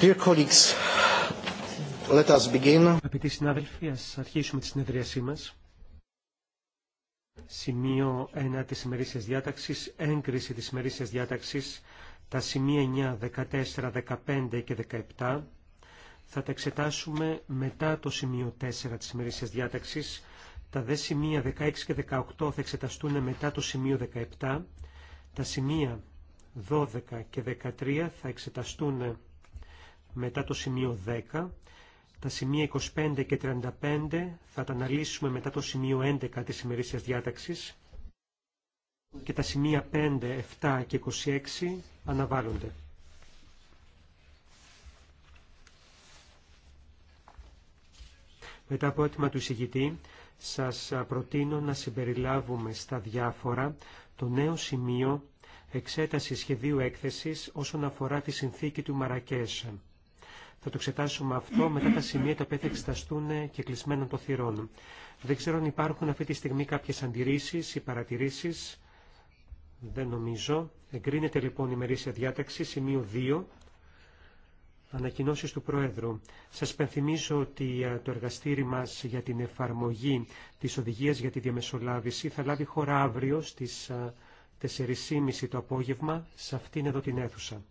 Dear Αγαπητοί συνάδελφοι, ας αρχίσουμε τη συνεδρίασή μας. Σημείο 1 της ημερήσιας διάταξης, έγκριση της ημερήσιας διάταξης, τα σημεία 9, 14, 15 και 17 θα τα εξετάσουμε μετά το σημείο 4 της ημερήσιας διάταξης. Τα δε σημεία 16 και 18 θα εξεταστούν μετά το σημείο 17. Τα σημεία 12 και 13 θα εξεταστούν μετά το σημείο 10. Τα σημεία 25 και 35 θα τα αναλύσουμε μετά το σημείο 11 της ημερήσιας διάταξης και τα σημεία 5, 7 και 26 αναβάλλονται. Μετά από έτοιμα του εισηγητή, σας προτείνω να συμπεριλάβουμε στα διάφορα το νέο σημείο εξέταση σχεδίου έκθεσης όσον αφορά τη συνθήκη του Μαρακέσα. Θα το εξετάσουμε αυτό μετά τα σημεία τα οποία θα εξεταστούν και κλεισμένων των θυρών. Δεν ξέρω αν υπάρχουν αυτή τη στιγμή κάποιες αντιρρήσεις ή παρατηρήσει, δεν νομίζω. Εγκρίνεται λοιπόν η παρατηρησει δεν νομιζω διάταξη, σημείο 2. ανακοινώσει του Πρόεδρου. Σα πενθυμίζω ότι ε, το εργαστήρι μα για την εφαρμογή τη οδηγία για τη διαμεσολάβηση θα λάβει χώρα αύριο στι 4.30 ε, το απόγευμα σε αυτήν εδώ την αίθουσα.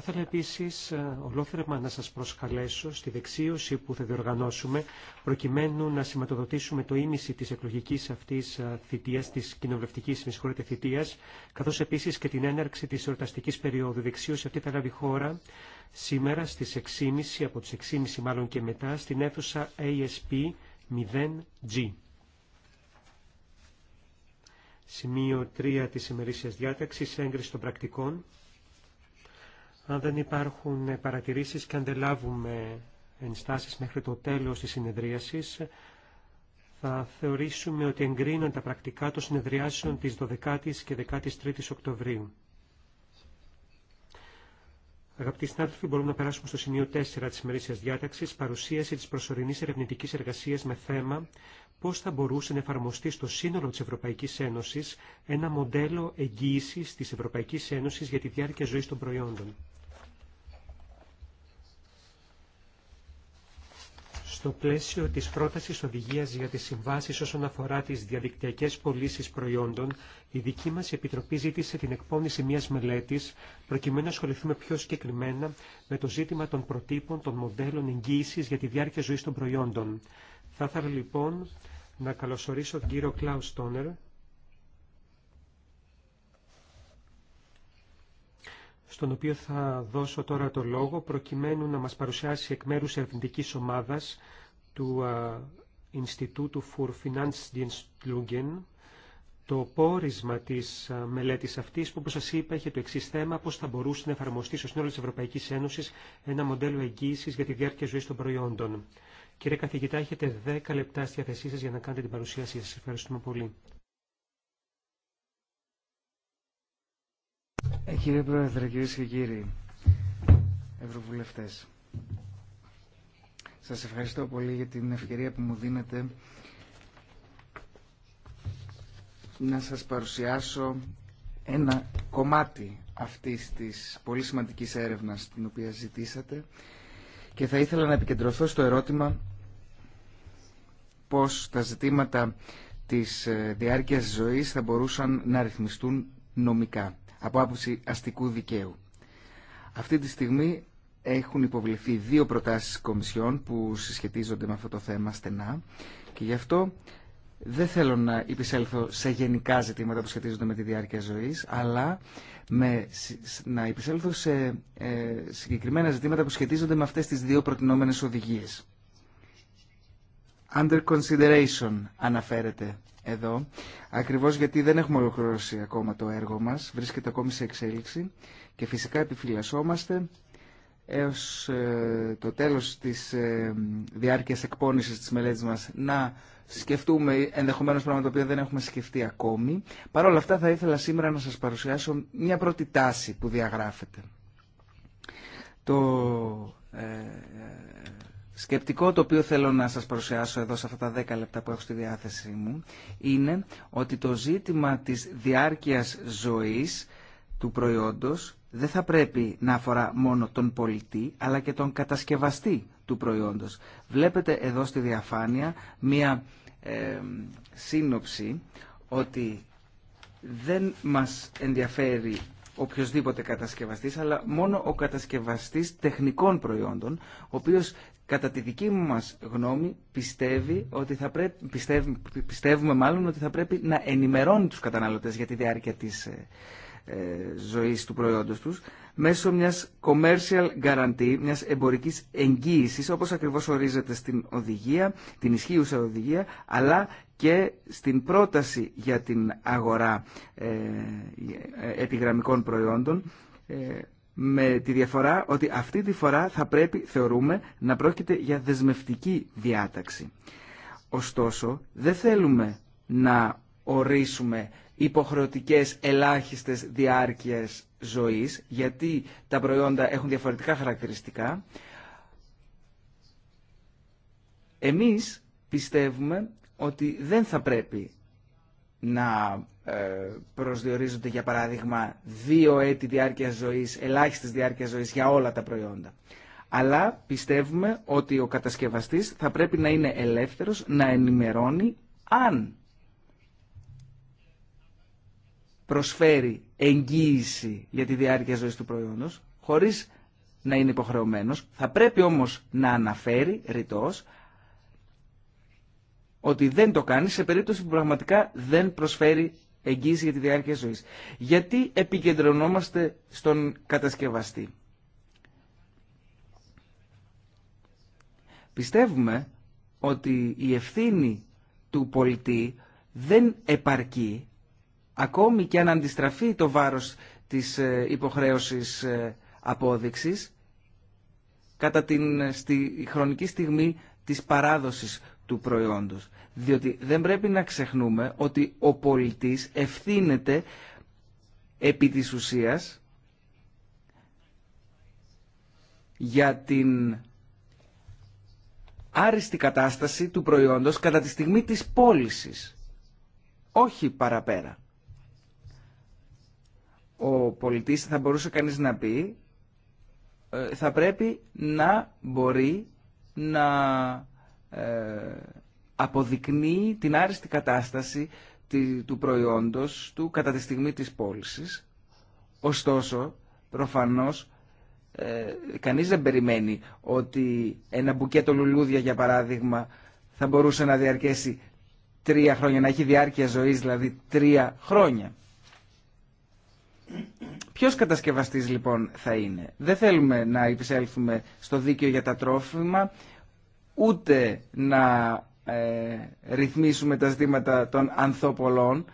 Θα ήθελα επίσης ε, ολόθερμα να σας προσκαλέσω στη δεξίωση που θα διοργανώσουμε προκειμένου να σηματοδοτήσουμε το ίμιση της εκλογικής αυτής ε, θητείας, της κοινοβουλευτικής συγχωρείτε θητείας, καθώς επίσης και την έναρξη της εορταστικής περίοδου. δεξίωση αυτή θα λάβει χώρα σήμερα στις 6.30, από τις 6.30 μάλλον και μετά, στην αίθουσα ASP 0G. Σημείο 3 της ημερήσιας διάταξης, έγκριση των πρακτικών. Αν δεν υπάρχουν παρατηρήσεις και αν δεν λάβουμε ενστάσεις μέχρι το τέλος της συνεδρίασης, θα θεωρήσουμε ότι εγκρίναν τα πρακτικά των συνεδριάσεων της 12ης και 13ης Οκτωβρίου. Αγαπητοί συνάδελφοι, μπορούμε να περάσουμε στο σημείο 4 της ημερήσιας διάταξης, παρουσίαση της προσωρινής ερευνητικής εργασίας με θέμα πώς θα μπορούσε να εφαρμοστεί στο σύνολο της Ευρωπαϊκής Ένωσης ένα μοντέλο εγγύησης της Ευρωπαϊκής Ένωσης για τη διάρκεια ζωής των προϊόντων. στο πλαίσιο της πρότασης οδηγίας για τις συμβάσεις όσον αφορά τις διαδικτυακές πωλήσει προϊόντων, η δική μας Επιτροπή ζήτησε την εκπόνηση μιας μελέτης, προκειμένου να ασχοληθούμε πιο συγκεκριμένα με το ζήτημα των προτύπων των μοντέλων εγγύησης για τη διάρκεια ζωής των προϊόντων. Θα ήθελα λοιπόν να καλωσορίσω τον κύριο Κλάου Στόνερ, στον οποίο θα δώσω τώρα το λόγο, προκειμένου να μας παρουσιάσει εκ μέρους ερευνητικής ομάδας του Ινστιτούτου Διεν Finanzdienstlungen, το πόρισμα τη μελέτης αυτής που όπως σα είπα είχε το εξή θέμα, πώ θα μπορούσε να εφαρμοστεί στο σύνολο της Ευρωπαϊκής Ένωσης ένα μοντέλο εγγύησης για τη διάρκεια ζωή των προϊόντων. Κύριε καθηγητά, έχετε 10 λεπτά στη διάθεσή σα για να κάνετε την παρουσίαση σα. Ευχαριστούμε πολύ. Ε, κύριε Πρόεδρε, κυρίε και κύριοι Ευρωβουλευτέ, σα ευχαριστώ πολύ για την ευκαιρία που μου δίνετε να σας παρουσιάσω ένα κομμάτι αυτής της πολύ σημαντικής έρευνας την οποία ζητήσατε και θα ήθελα να επικεντρωθώ στο ερώτημα πώς τα ζητήματα της ε, διάρκειας ζωής θα μπορούσαν να ρυθμιστούν νομικά από άποψη αστικού δικαίου. Αυτή τη στιγμή έχουν υποβληθεί δύο προτάσεις κομισιών που συσχετίζονται με αυτό το θέμα στενά και γι' αυτό δεν θέλω να επισέλθω σε γενικά ζητήματα που σχετίζονται με τη διάρκεια ζωής, αλλά με, να επισέλθω σε ε, συγκεκριμένα ζητήματα που σχετίζονται με αυτές τις δύο προτινόμενες οδηγίες. Under consideration αναφέρεται εδώ, ακριβώς γιατί δεν έχουμε ολοκληρώσει ακόμα το έργο μας, βρίσκεται ακόμη σε εξέλιξη και φυσικά επιφυλασσόμαστε έως ε, το τέλος της ε, διάρκειας εκπόνησης της μελέτης μας να σκεφτούμε ενδεχομένως πράγματα που δεν έχουμε σκεφτεί ακόμη. Παρ' όλα αυτά θα ήθελα σήμερα να σας παρουσιάσω μια πρώτη τάση που διαγράφεται. Το ε, σκεπτικό το οποίο θέλω να σας παρουσιάσω εδώ σε αυτά τα 10 λεπτά που έχω στη διάθεσή μου είναι ότι το ζήτημα της διάρκειας ζωής του προϊόντος δεν θα πρέπει να αφορά μόνο τον πολιτή αλλά και τον κατασκευαστή του προϊόντος. Βλέπετε εδώ στη διαφάνεια μία ε, σύνοψη ότι δεν μας ενδιαφέρει οποιοδήποτε κατασκευαστής, αλλά μόνο ο κατασκευαστής τεχνικών προϊόντων, ο οποίος Κατά τη δική μας γνώμη πιστεύει ότι θα πρέπει, πιστεύουμε μάλλον ότι θα πρέπει να ενημερώνει τους καταναλωτές για τη διάρκεια της ε, ε, ζωής του προϊόντος τους μέσω μιας commercial guarantee, μιας εμπορικής εγγύησης όπως ακριβώς ορίζεται στην οδηγία, την ισχύουσα οδηγία αλλά και στην πρόταση για την αγορά ε, ε επιγραμμικών προϊόντων με τη διαφορά ότι αυτή τη φορά θα πρέπει, θεωρούμε, να πρόκειται για δεσμευτική διάταξη. Ωστόσο, δεν θέλουμε να ορίσουμε υποχρεωτικές ελάχιστες διάρκειες ζωής, γιατί τα προϊόντα έχουν διαφορετικά χαρακτηριστικά. Εμείς πιστεύουμε ότι δεν θα πρέπει να ε, προσδιορίζονται για παράδειγμα δύο έτη διάρκεια ζωής, ελάχιστης διάρκεια ζωής για όλα τα προϊόντα. Αλλά πιστεύουμε ότι ο κατασκευαστής θα πρέπει να είναι ελεύθερος να ενημερώνει αν προσφέρει εγγύηση για τη διάρκεια ζωής του προϊόντος, χωρίς να είναι υποχρεωμένος. Θα πρέπει όμως να αναφέρει ρητός ότι δεν το κάνει σε περίπτωση που πραγματικά δεν προσφέρει εγγύηση για τη διάρκεια ζωής. Γιατί επικεντρωνόμαστε στον κατασκευαστή. Πιστεύουμε ότι η ευθύνη του πολιτή δεν επαρκεί ακόμη και αν αντιστραφεί το βάρος της ε, υποχρέωσης ε, απόδειξης κατά την στη, χρονική στιγμή της παράδοσης του προϊόντος. Διότι δεν πρέπει να ξεχνούμε ότι ο πολιτής ευθύνεται επί της ουσίας για την άριστη κατάσταση του προϊόντος κατά τη στιγμή της πώληση. Όχι παραπέρα. Ο πολιτής θα μπορούσε κανείς να πει ε, θα πρέπει να μπορεί να ε, αποδεικνύει την άριστη κατάσταση του προϊόντος του κατά τη στιγμή της πώληση. Ωστόσο, προφανώς, ε, κανείς δεν περιμένει ότι ένα μπουκέτο λουλούδια, για παράδειγμα, θα μπορούσε να διαρκέσει τρία χρόνια, να έχει διάρκεια ζωής, δηλαδή τρία χρόνια. Ποιος κατασκευαστής λοιπόν θα είναι. Δεν θέλουμε να επισέλθουμε στο δίκαιο για τα τρόφιμα ούτε να ε, ρυθμίσουμε τα ζητήματα των ανθόπολών.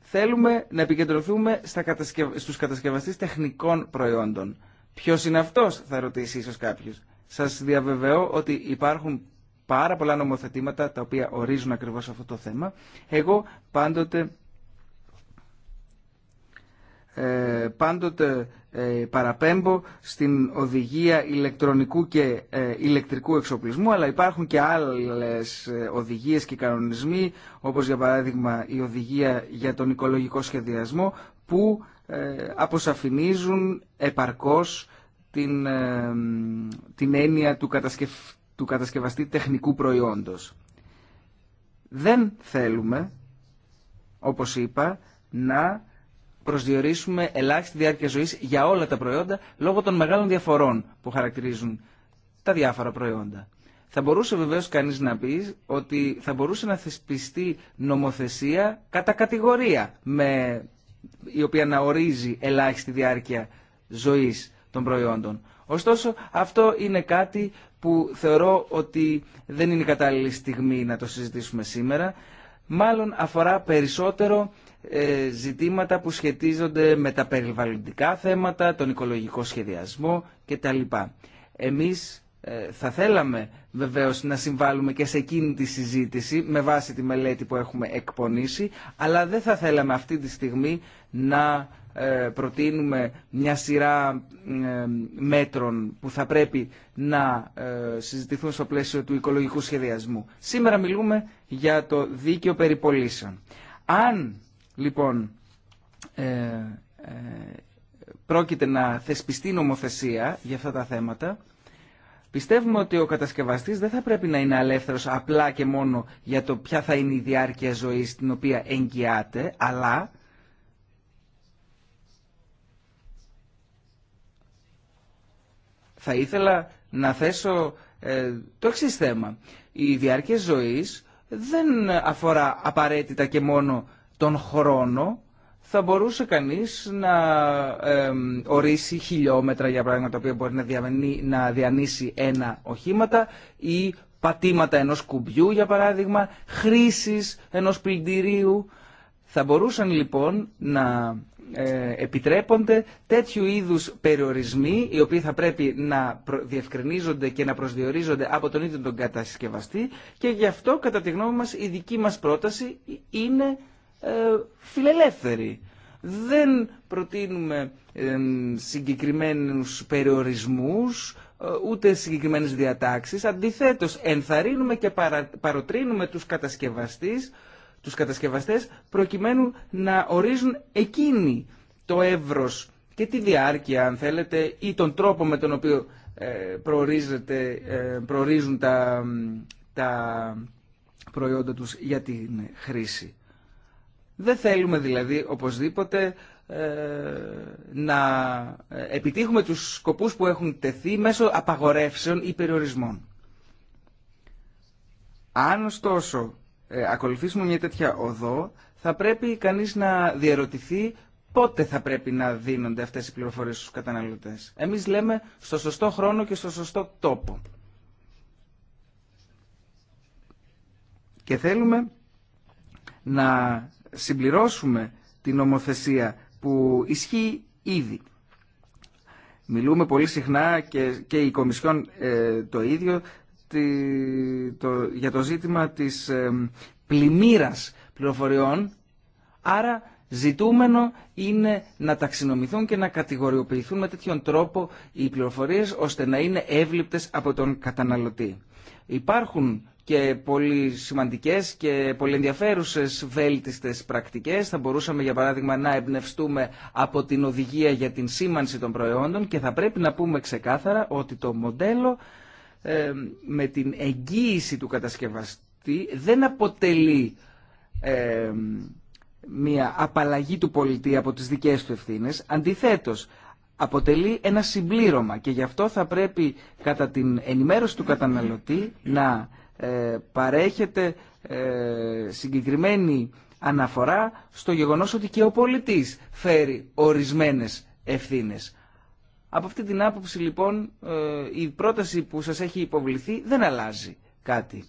Θέλουμε να επικεντρωθούμε στα στους κατασκευαστές τεχνικών προϊόντων. Ποιος είναι αυτός, θα ρωτήσει ίσως κάποιος. Σας διαβεβαιώ ότι υπάρχουν πάρα πολλά νομοθετήματα τα οποία ορίζουν ακριβώς αυτό το θέμα. Εγώ πάντοτε ε, πάντοτε ε, παραπέμπω στην οδηγία ηλεκτρονικού και ε, ηλεκτρικού εξοπλισμού αλλά υπάρχουν και άλλες οδηγίες και κανονισμοί όπως για παράδειγμα η οδηγία για τον οικολογικό σχεδιασμό που αποσαφηνίζουν επαρκώς την, την έννοια του, κατασκευ... του κατασκευαστή τεχνικού προϊόντος. Δεν θέλουμε, όπως είπα, να προσδιορίσουμε ελάχιστη διάρκεια ζωής για όλα τα προϊόντα λόγω των μεγάλων διαφορών που χαρακτηρίζουν τα διάφορα προϊόντα. Θα μπορούσε βεβαίως κανείς να πει ότι θα μπορούσε να θεσπιστεί νομοθεσία κατά κατηγορία με, η οποία να ορίζει ελάχιστη διάρκεια ζωής των προϊόντων. Ωστόσο αυτό είναι κάτι που θεωρώ ότι δεν είναι η κατάλληλη στιγμή να το συζητήσουμε σήμερα μάλλον αφορά περισσότερο ε, ζητήματα που σχετίζονται με τα περιβαλλοντικά θέματα, τον οικολογικό σχεδιασμό κτλ. Εμείς ε, θα θέλαμε βεβαίως να συμβάλλουμε και σε εκείνη τη συζήτηση με βάση τη μελέτη που έχουμε εκπονήσει, αλλά δεν θα θέλαμε αυτή τη στιγμή να ε, προτείνουμε μια σειρά ε, μέτρων που θα πρέπει να ε, συζητηθούν στο πλαίσιο του οικολογικού σχεδιασμού. Σήμερα μιλούμε για το δίκαιο περιπολίσεων. Αν λοιπόν πρόκειται να θεσπιστεί νομοθεσία για αυτά τα θέματα, Πιστεύουμε ότι ο κατασκευαστής δεν θα πρέπει να είναι αλεύθερος απλά και μόνο για το ποια θα είναι η διάρκεια ζωής την οποία εγγυάται, αλλά θα ήθελα να θέσω ε, το εξή θέμα. Η διάρκεια ζωής δεν αφορά απαραίτητα και μόνο τον χρόνο. Θα μπορούσε κανείς να ορίσει χιλιόμετρα για παράδειγμα, τα οποία μπορεί να, διανύσει, ένα οχήματα ή πατήματα ενός κουμπιού για παράδειγμα, χρήσεις ενός πλυντηρίου. Θα μπορούσαν λοιπόν να ε, επιτρέπονται τέτοιου είδους περιορισμοί οι οποίοι θα πρέπει να διευκρινίζονται και να προσδιορίζονται από τον ίδιο τον κατασκευαστή και γι' αυτό κατά τη γνώμη μας η δική μας πρόταση είναι ε, φιλελεύθερη. Δεν προτείνουμε συγκεκριμένους περιορισμούς ε, ούτε συγκεκριμένες διατάξεις. Αντιθέτως ενθαρρύνουμε και παροτρύνουμε τους κατασκευαστείς τους κατασκευαστές προκειμένου να ορίζουν εκείνη το εύρος και τη διάρκεια αν θέλετε ή τον τρόπο με τον οποίο ε, ε, προορίζουν τα, τα προϊόντα τους για την χρήση. Δεν θέλουμε δηλαδή οπωσδήποτε ε, να επιτύχουμε τους σκοπούς που έχουν τεθεί μέσω απαγορεύσεων ή περιορισμών. Αν ωστόσο ε, ακολουθήσουμε μια τέτοια οδό, θα πρέπει κανείς να διαρωτηθεί πότε θα πρέπει να δίνονται αυτές οι πληροφορίες στους καταναλωτές. Εμείς λέμε στο σωστό χρόνο και στο σωστό τόπο. Και θέλουμε να συμπληρώσουμε την ομοθεσία που ισχύει ήδη. Μιλούμε πολύ συχνά και, και η Κομισιόν ε, το ίδιο το, για το ζήτημα της πλημμύρας πληροφοριών, άρα ζητούμενο είναι να ταξινομηθούν και να κατηγοριοποιηθούν με τέτοιον τρόπο οι πληροφορίες ώστε να είναι εύληπτες από τον καταναλωτή. Υπάρχουν και πολύ σημαντικές και πολύ ενδιαφέρουσες βέλτιστες πρακτικές. Θα μπορούσαμε για παράδειγμα να εμπνευστούμε από την οδηγία για την σήμανση των προϊόντων και θα πρέπει να πούμε ξεκάθαρα ότι το μοντέλο με την εγγύηση του κατασκευαστή δεν αποτελεί μια απαλλαγή του πολιτή από τις δικές του ευθύνες. Αντιθέτως, αποτελεί ένα συμπλήρωμα και γι' αυτό θα πρέπει κατά την ενημέρωση του καταναλωτή να ε, παρέχεται ε, συγκεκριμένη αναφορά στο γεγονός ότι και ο πολιτής φέρει ορισμένες ευθύνες. Από αυτή την άποψη λοιπόν ε, η πρόταση που σας έχει υποβληθεί δεν αλλάζει κάτι.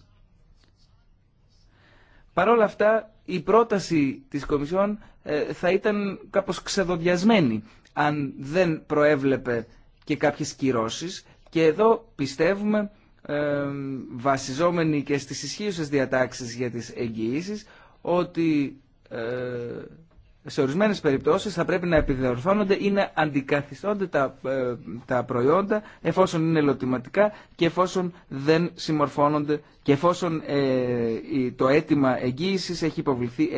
Παρ' όλα αυτά η πρόταση της Κομισιόν ε, θα ήταν κάπως ξεδοδιασμένη αν δεν προέβλεπε και κάποιες κυρώσεις και εδώ πιστεύουμε ε, βασιζόμενοι και στις ισχύουσες διατάξεις για τις εγγυήσεις ότι σε ορισμένες περιπτώσεις θα πρέπει να επιδιορθώνονται ή να αντικαθιστώνται τα, ε, προϊόντα εφόσον είναι ελοτηματικά και εφόσον δεν συμμορφώνονται και εφόσον ε, το αίτημα εγγύησης έχει υποβληθεί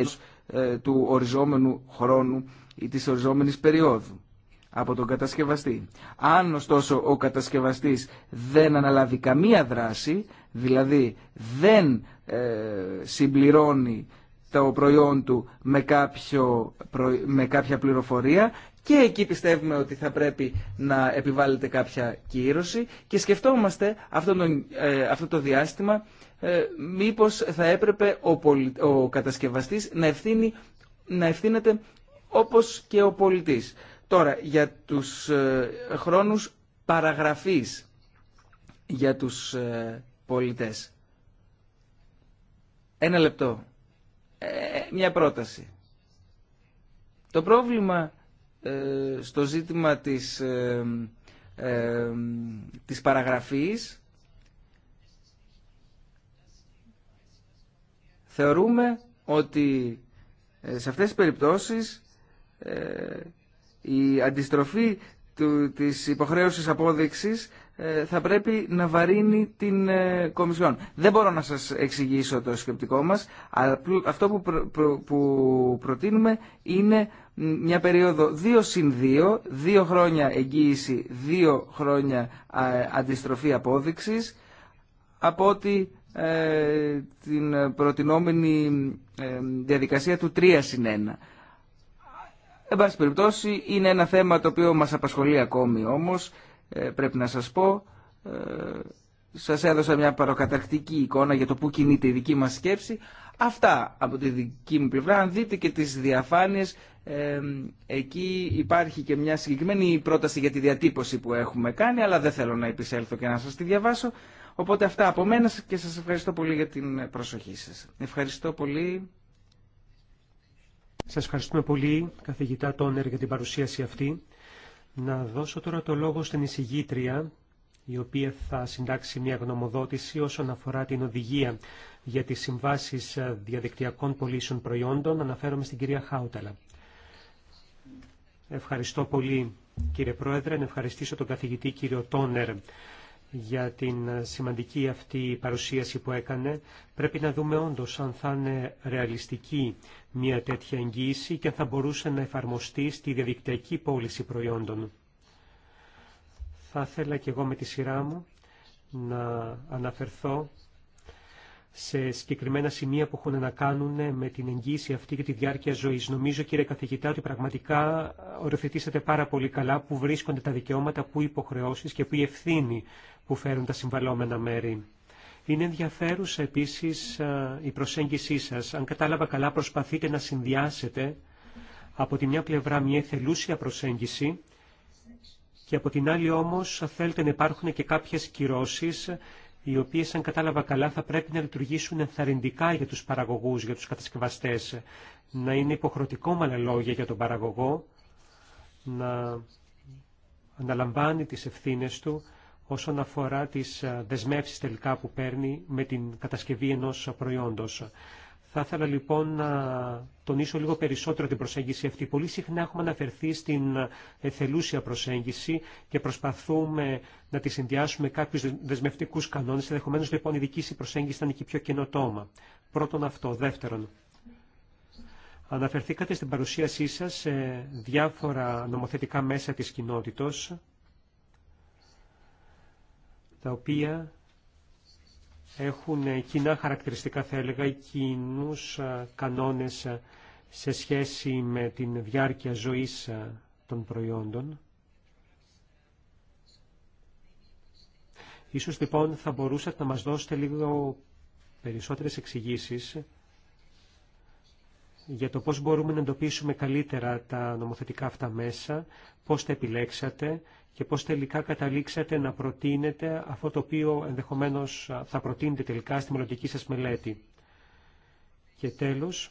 ε, του οριζόμενου χρόνου ή της οριζόμενης περίοδου από τον κατασκευαστή. Αν ωστόσο ο κατασκευαστής δεν αναλάβει καμία δράση, δηλαδή δεν συμπληρώνει το προϊόν του με, κάποιο, με κάποια πληροφορία και εκεί πιστεύουμε ότι θα πρέπει να επιβάλλεται κάποια κύρωση και σκεφτόμαστε αυτό, τον, ε, αυτό το διάστημα ε, μήπως θα έπρεπε ο, πολι, κατασκευαστής να, να ευθύνεται όπως και ο πολιτής. Τώρα, για τους ε, χρόνους παραγραφής για τους ε, πολιτές. Ένα λεπτό. Ε, μια πρόταση. Το πρόβλημα ε, στο ζήτημα της, ε, της παραγραφής θεωρούμε ότι σε αυτές τις περιπτώσεις η αντιστροφή του, της υποχρέωσης απόδειξης ε, θα πρέπει να βαρύνει την ε, Κομισιόν. Δεν μπορώ να σας εξηγήσω το σκεπτικό μας, αλλά αυτό που, που προτείνουμε είναι μια περίοδο 2 συν 2, 2 χρόνια εγγύηση, 2 χρόνια αντιστροφή απόδειξης, από ότι ε, την προτινόμενη διαδικασία του 3 συν 1. Εν πάση περιπτώσει, είναι ένα θέμα το οποίο μας απασχολεί ακόμη όμως ε, πρέπει να σας πω. Ε, σας έδωσα μια παροκατακτική εικόνα για το πού κινείται η δική μας σκέψη. Αυτά από τη δική μου πλευρά. Αν δείτε και τις διαφάνειες, ε, εκεί υπάρχει και μια συγκεκριμένη πρόταση για τη διατύπωση που έχουμε κάνει, αλλά δεν θέλω να επισέλθω και να σας τη διαβάσω. Οπότε αυτά από μένα και σας ευχαριστώ πολύ για την προσοχή σας. Ευχαριστώ πολύ. Σας ευχαριστούμε πολύ, καθηγητά Τόνερ, για την παρουσίαση αυτή. Να δώσω τώρα το λόγο στην εισηγήτρια, η οποία θα συντάξει μια γνωμοδότηση όσον αφορά την οδηγία για τις συμβάσεις διαδικτυακών πωλήσεων προϊόντων. Αναφέρομαι στην κυρία Χάουταλα. Ευχαριστώ πολύ κύριε Πρόεδρε, να ευχαριστήσω τον καθηγητή κύριο Τόνερ για την σημαντική αυτή παρουσίαση που έκανε. Πρέπει να δούμε όντως αν θα είναι ρεαλιστική μια τέτοια εγγύηση και αν θα μπορούσε να εφαρμοστεί στη διαδικτυακή πώληση προϊόντων. Θα ήθελα και εγώ με τη σειρά μου να αναφερθώ σε συγκεκριμένα σημεία που έχουν να κάνουν με την εγγύηση αυτή και τη διάρκεια ζωής. Νομίζω κύριε καθηγητά ότι πραγματικά οριοθετήσατε πάρα πολύ καλά που βρίσκονται τα δικαιώματα, που οι υποχρεώσεις και που η ευθύνη που φέρουν τα συμβαλόμενα μέρη. Είναι ενδιαφέρουσα επίσης η προσέγγισή σας. Αν κατάλαβα καλά προσπαθείτε να συνδυάσετε από τη μια πλευρά μια εθελούσια προσέγγιση και από την άλλη όμως θέλετε να υπάρχουν και κάποιε κυρώσει οι οποίε αν κατάλαβα καλά θα πρέπει να λειτουργήσουν ενθαρρυντικά για τους παραγωγούς, για τους κατασκευαστές, να είναι υποχρεωτικό με λόγια για τον παραγωγό, να αναλαμβάνει τις ευθύνες του όσον αφορά τις ε, δεσμεύσεις τελικά που παίρνει με την κατασκευή ενός προϊόντος. Θα ήθελα λοιπόν να τονίσω λίγο περισσότερο την προσέγγιση αυτή. Πολύ συχνά έχουμε αναφερθεί στην εθελούσια προσέγγιση και προσπαθούμε να τη συνδυάσουμε κάποιου δεσμευτικού κανόνε. Ενδεχομένω λοιπόν η δική σου προσέγγιση ήταν και πιο καινοτόμα. Πρώτον αυτό. Δεύτερον, αναφερθήκατε στην παρουσίασή σα σε διάφορα νομοθετικά μέσα τη κοινότητα τα οποία έχουν κοινά χαρακτηριστικά, θα έλεγα, κοινού ε, κανόνες ε, σε σχέση με την διάρκεια ζωής ε, των προϊόντων. Ίσως λοιπόν θα μπορούσατε να μας δώσετε λίγο περισσότερες εξηγήσεις για το πώς μπορούμε να εντοπίσουμε καλύτερα τα νομοθετικά αυτά μέσα, πώς τα επιλέξατε, και πώς τελικά καταλήξατε να προτείνετε αυτό το οποίο ενδεχομένως θα προτείνετε τελικά στη μελλοντική σας μελέτη. Και τέλος,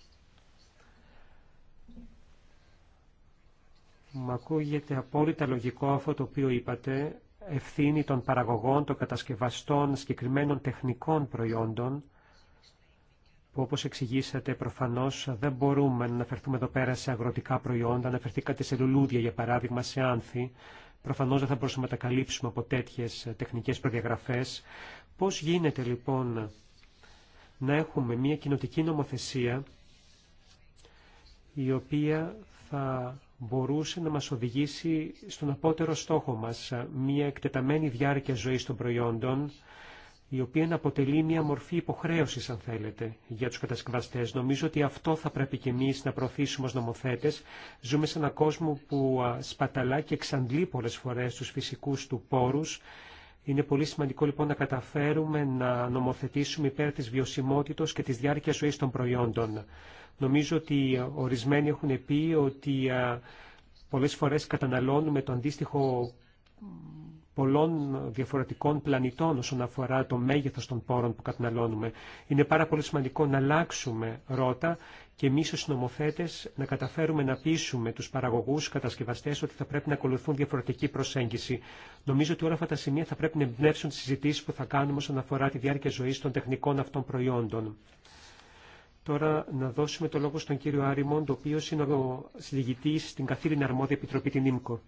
μου ακούγεται απόλυτα λογικό αυτό το οποίο είπατε, ευθύνη των παραγωγών, των κατασκευαστών συγκεκριμένων τεχνικών προϊόντων, που όπως εξηγήσατε προφανώς δεν μπορούμε να αναφερθούμε εδώ πέρα σε αγροτικά προϊόντα, αναφερθήκατε σε λουλούδια για παράδειγμα, σε άνθη, Προφανώς δεν θα μπορούσαμε να τα καλύψουμε από τέτοιε ε, τεχνικές προδιαγραφέ. Πώς γίνεται λοιπόν να έχουμε μια κοινοτική νομοθεσία η οποία θα μπορούσε να μας οδηγήσει στον απότερο στόχο μας, ε, μια εκτεταμένη διάρκεια ζωής των προϊόντων, η οποία να αποτελεί μια μορφή υποχρέωσης, αν θέλετε, για τους κατασκευαστές. Νομίζω ότι αυτό θα πρέπει και εμείς να προωθήσουμε ως νομοθέτες. Ζούμε σε έναν κόσμο που σπαταλά και εξαντλεί πολλές φορές τους φυσικούς του πόρους. Είναι πολύ σημαντικό λοιπόν να καταφέρουμε να νομοθετήσουμε υπέρ της βιωσιμότητος και της διάρκειας ζωής των προϊόντων. Νομίζω ότι ορισμένοι έχουν πει ότι πολλές φορές καταναλώνουμε το αντίστοιχο πολλών διαφορετικών πλανητών όσον αφορά το μέγεθος των πόρων που καταναλώνουμε. Είναι πάρα πολύ σημαντικό να αλλάξουμε ρότα και εμεί ως νομοθέτε να καταφέρουμε να πείσουμε του παραγωγού, κατασκευαστέ ότι θα πρέπει να ακολουθούν διαφορετική προσέγγιση. Νομίζω ότι όλα αυτά τα σημεία θα πρέπει να εμπνεύσουν τι συζητήσει που θα κάνουμε όσον αφορά τη διάρκεια ζωή των τεχνικών αυτών προϊόντων. Τώρα να δώσουμε το λόγο στον κύριο Άρημον, το οποίο είναι ο συλληγητής στην καθήλυνα αρμόδια επιτροπή την ΙΜΚΟ.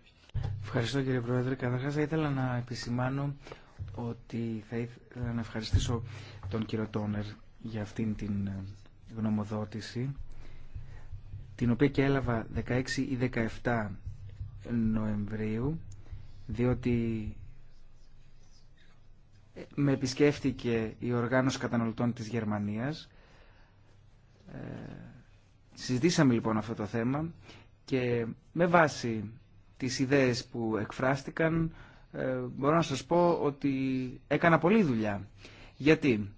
Ευχαριστώ κύριε Πρόεδρε. Καταρχάς θα ήθελα να επισημάνω ότι θα ήθελα να ευχαριστήσω τον κύριο Τόνερ για αυτήν την ε, γνωμοδότηση την οποία και έλαβα 16 ή 17 Νοεμβρίου διότι ε, με επισκέφτηκε η Οργάνωση Καταναλωτών της Γερμανίας ε, συζητήσαμε λοιπόν αυτό το θέμα και με βάση τις ιδέες που εκφράστηκαν, ε, μπορώ να σας πω ότι έκανα πολλή δουλειά. Γιατί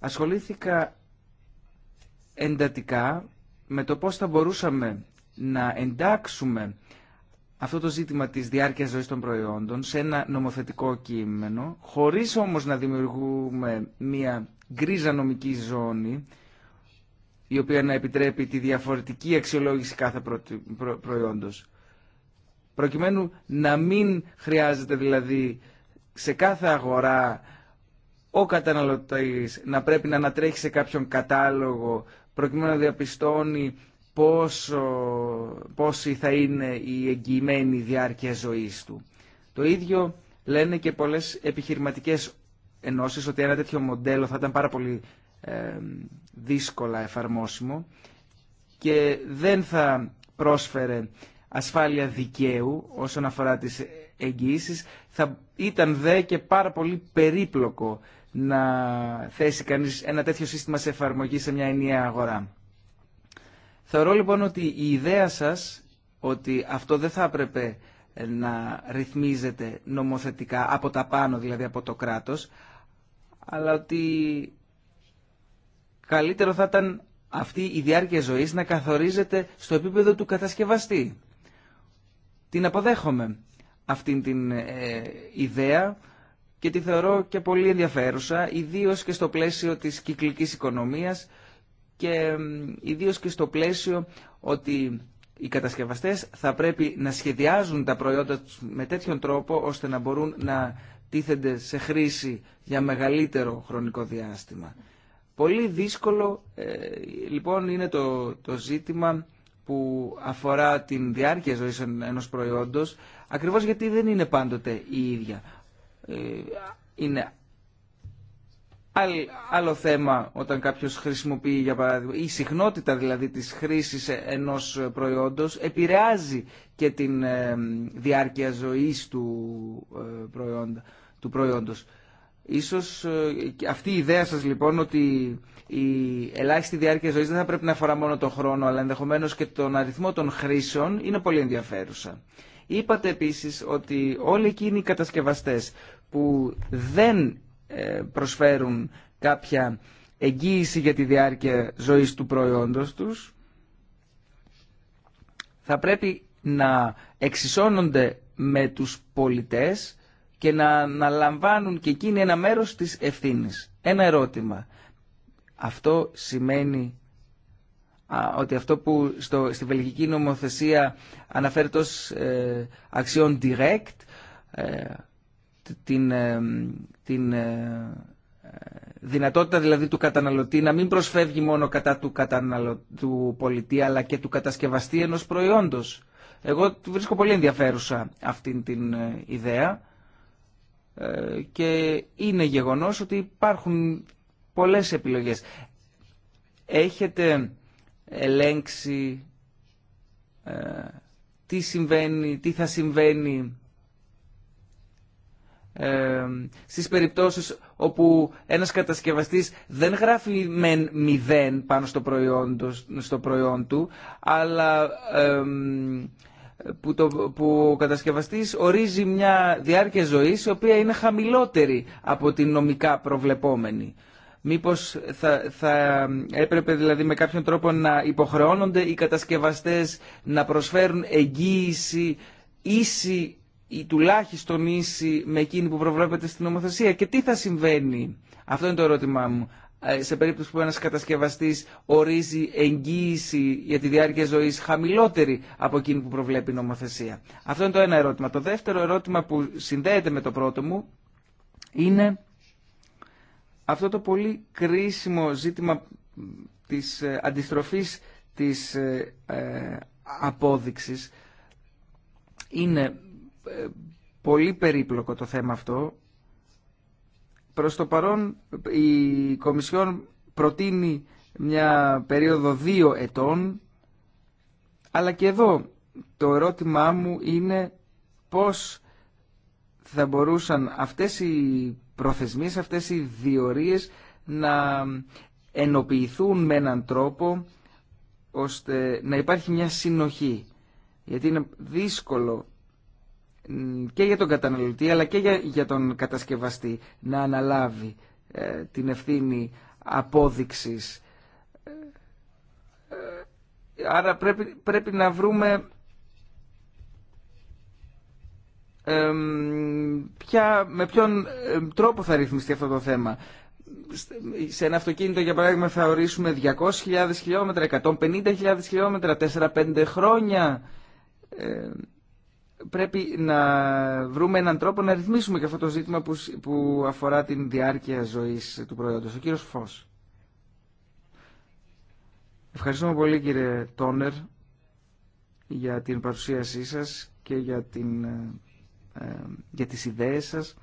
ασχολήθηκα εντατικά με το πώς θα μπορούσαμε να εντάξουμε αυτό το ζήτημα της διάρκειας ζωής των προϊόντων σε ένα νομοθετικό κείμενο, χωρίς όμως να δημιουργούμε μια γκρίζα νομική ζώνη, η οποία να επιτρέπει τη διαφορετική αξιολόγηση κάθε προϊόντος προκειμένου να μην χρειάζεται δηλαδή σε κάθε αγορά ο καταναλωτής να πρέπει να ανατρέχει σε κάποιον κατάλογο προκειμένου να διαπιστώνει πόσο, πόση θα είναι η εγγυημένη διάρκεια ζωής του. Το ίδιο λένε και πολλές επιχειρηματικές ενώσεις ότι ένα τέτοιο μοντέλο θα ήταν πάρα πολύ δύσκολα εφαρμόσιμο και δεν θα πρόσφερε ασφάλεια δικαίου όσον αφορά τις εγγύησεις. Θα ήταν δε και πάρα πολύ περίπλοκο να θέσει κανείς ένα τέτοιο σύστημα σε εφαρμογή σε μια ενιαία αγορά. Θεωρώ λοιπόν ότι η ιδέα σας ότι αυτό δεν θα έπρεπε να ρυθμίζεται νομοθετικά από τα πάνω, δηλαδή από το κράτος, αλλά ότι καλύτερο θα ήταν αυτή η διάρκεια ζωής να καθορίζεται στο επίπεδο του κατασκευαστή. Την αποδέχομαι αυτήν την ε, ιδέα και τη θεωρώ και πολύ ενδιαφέρουσα, ιδίως και στο πλαίσιο της κυκλικής οικονομίας και ιδίως και στο πλαίσιο ότι οι κατασκευαστές θα πρέπει να σχεδιάζουν τα προϊόντα τους με τέτοιον τρόπο ώστε να μπορούν να τίθενται σε χρήση για μεγαλύτερο χρονικό διάστημα. Πολύ δύσκολο ε, λοιπόν είναι το, το ζήτημα που αφορά την διάρκεια ζωής ενός προϊόντος, ακριβώς γιατί δεν είναι πάντοτε η ίδια. Ε, είναι άλλο θέμα όταν κάποιος χρησιμοποιεί, για παράδειγμα, η συχνότητα δηλαδή της χρήσης ε- ενός προϊόντος επηρεάζει και την ε, διάρκεια ζωής του, προϊόντο. του προϊόντος. Ίσως αυτή η ιδέα σας λοιπόν ότι η ελάχιστη διάρκεια ζωής δεν θα πρέπει να αφορά μόνο τον χρόνο, αλλά ενδεχομένως και τον αριθμό των χρήσεων, είναι πολύ ενδιαφέρουσα. Είπατε επίσης ότι όλοι εκείνοι οι κατασκευαστές που δεν ε, προσφέρουν κάποια εγγύηση για τη διάρκεια ζωής του προϊόντος τους, θα πρέπει να εξισώνονται με τους πολιτές και να, να λαμβάνουν και εκείνοι ένα μέρος της ευθύνης. Ένα ερώτημα. Αυτό σημαίνει ότι αυτό που στο, στη βελγική νομοθεσία αναφέρεται ως ε, αξιών direct, ε, την, ε, την ε, δυνατότητα δηλαδή του καταναλωτή να μην προσφεύγει μόνο κατά του, καταναλω... του πολιτή αλλά και του κατασκευαστή ενός προϊόντος. Εγώ βρίσκω πολύ ενδιαφέρουσα αυτή την ιδέα και είναι γεγονός ότι υπάρχουν πολλές επιλογές. Έχετε ελέγξει ε, τι συμβαίνει, τι θα συμβαίνει ε, στις περιπτώσεις όπου ένας κατασκευαστής δεν γράφει μεν μηδέν πάνω στο προϊόν, στο προϊόν του, αλλά που, το, που ο κατασκευαστής ορίζει μια διάρκεια ζωής η οποία είναι χαμηλότερη από την νομικά προβλεπόμενη. Μήπως θα, θα έπρεπε δηλαδή με κάποιον τρόπο να υποχρεώνονται οι κατασκευαστές να προσφέρουν εγγύηση ίση ή τουλάχιστον ίση με εκείνη που προβλέπεται στην νομοθεσία. Και τι θα συμβαίνει, αυτό είναι το ερώτημά μου, ε, σε περίπτωση που ένας κατασκευαστής ορίζει εγγύηση για τη διάρκεια ζωής χαμηλότερη από εκείνη που προβλέπει η νομοθεσία. Αυτό είναι το ένα ερώτημα. Το δεύτερο ερώτημα που συνδέεται με το πρώτο μου είναι αυτό το πολύ κρίσιμο ζήτημα της ε, αντιστροφής της ε, ε, απόδειξης είναι πολύ περίπλοκο το θέμα αυτό. Προς το παρόν η Κομισιόν προτείνει μια περίοδο δύο ετών, αλλά και εδώ το ερώτημά μου είναι πώς θα μπορούσαν αυτές οι προθεσμίες, αυτές οι διορίες να ενοποιηθούν με έναν τρόπο ώστε να υπάρχει μια συνοχή. Γιατί είναι δύσκολο και για τον καταναλωτή αλλά και για, τον κατασκευαστή να αναλάβει ε, την ευθύνη απόδειξης. Ε, ε, άρα πρέπει να βρούμε ποια, με ποιον τρόπο θα ρυθμιστεί αυτό το θέμα. Σε ένα αυτοκίνητο, για παράδειγμα, θα ορίσουμε 200.000 χιλιόμετρα, 150.000 χιλιόμετρα, 4-5 χρόνια. Ε, πρέπει να βρούμε έναν τρόπο να ρυθμίσουμε και αυτό το ζήτημα που, που αφορά την διάρκεια ζωής του προϊόντος. Ο κύριος Φως. Ευχαριστούμε πολύ κύριε Τόνερ για την παρουσίασή σας και για την ε, για τις ιδέες σας.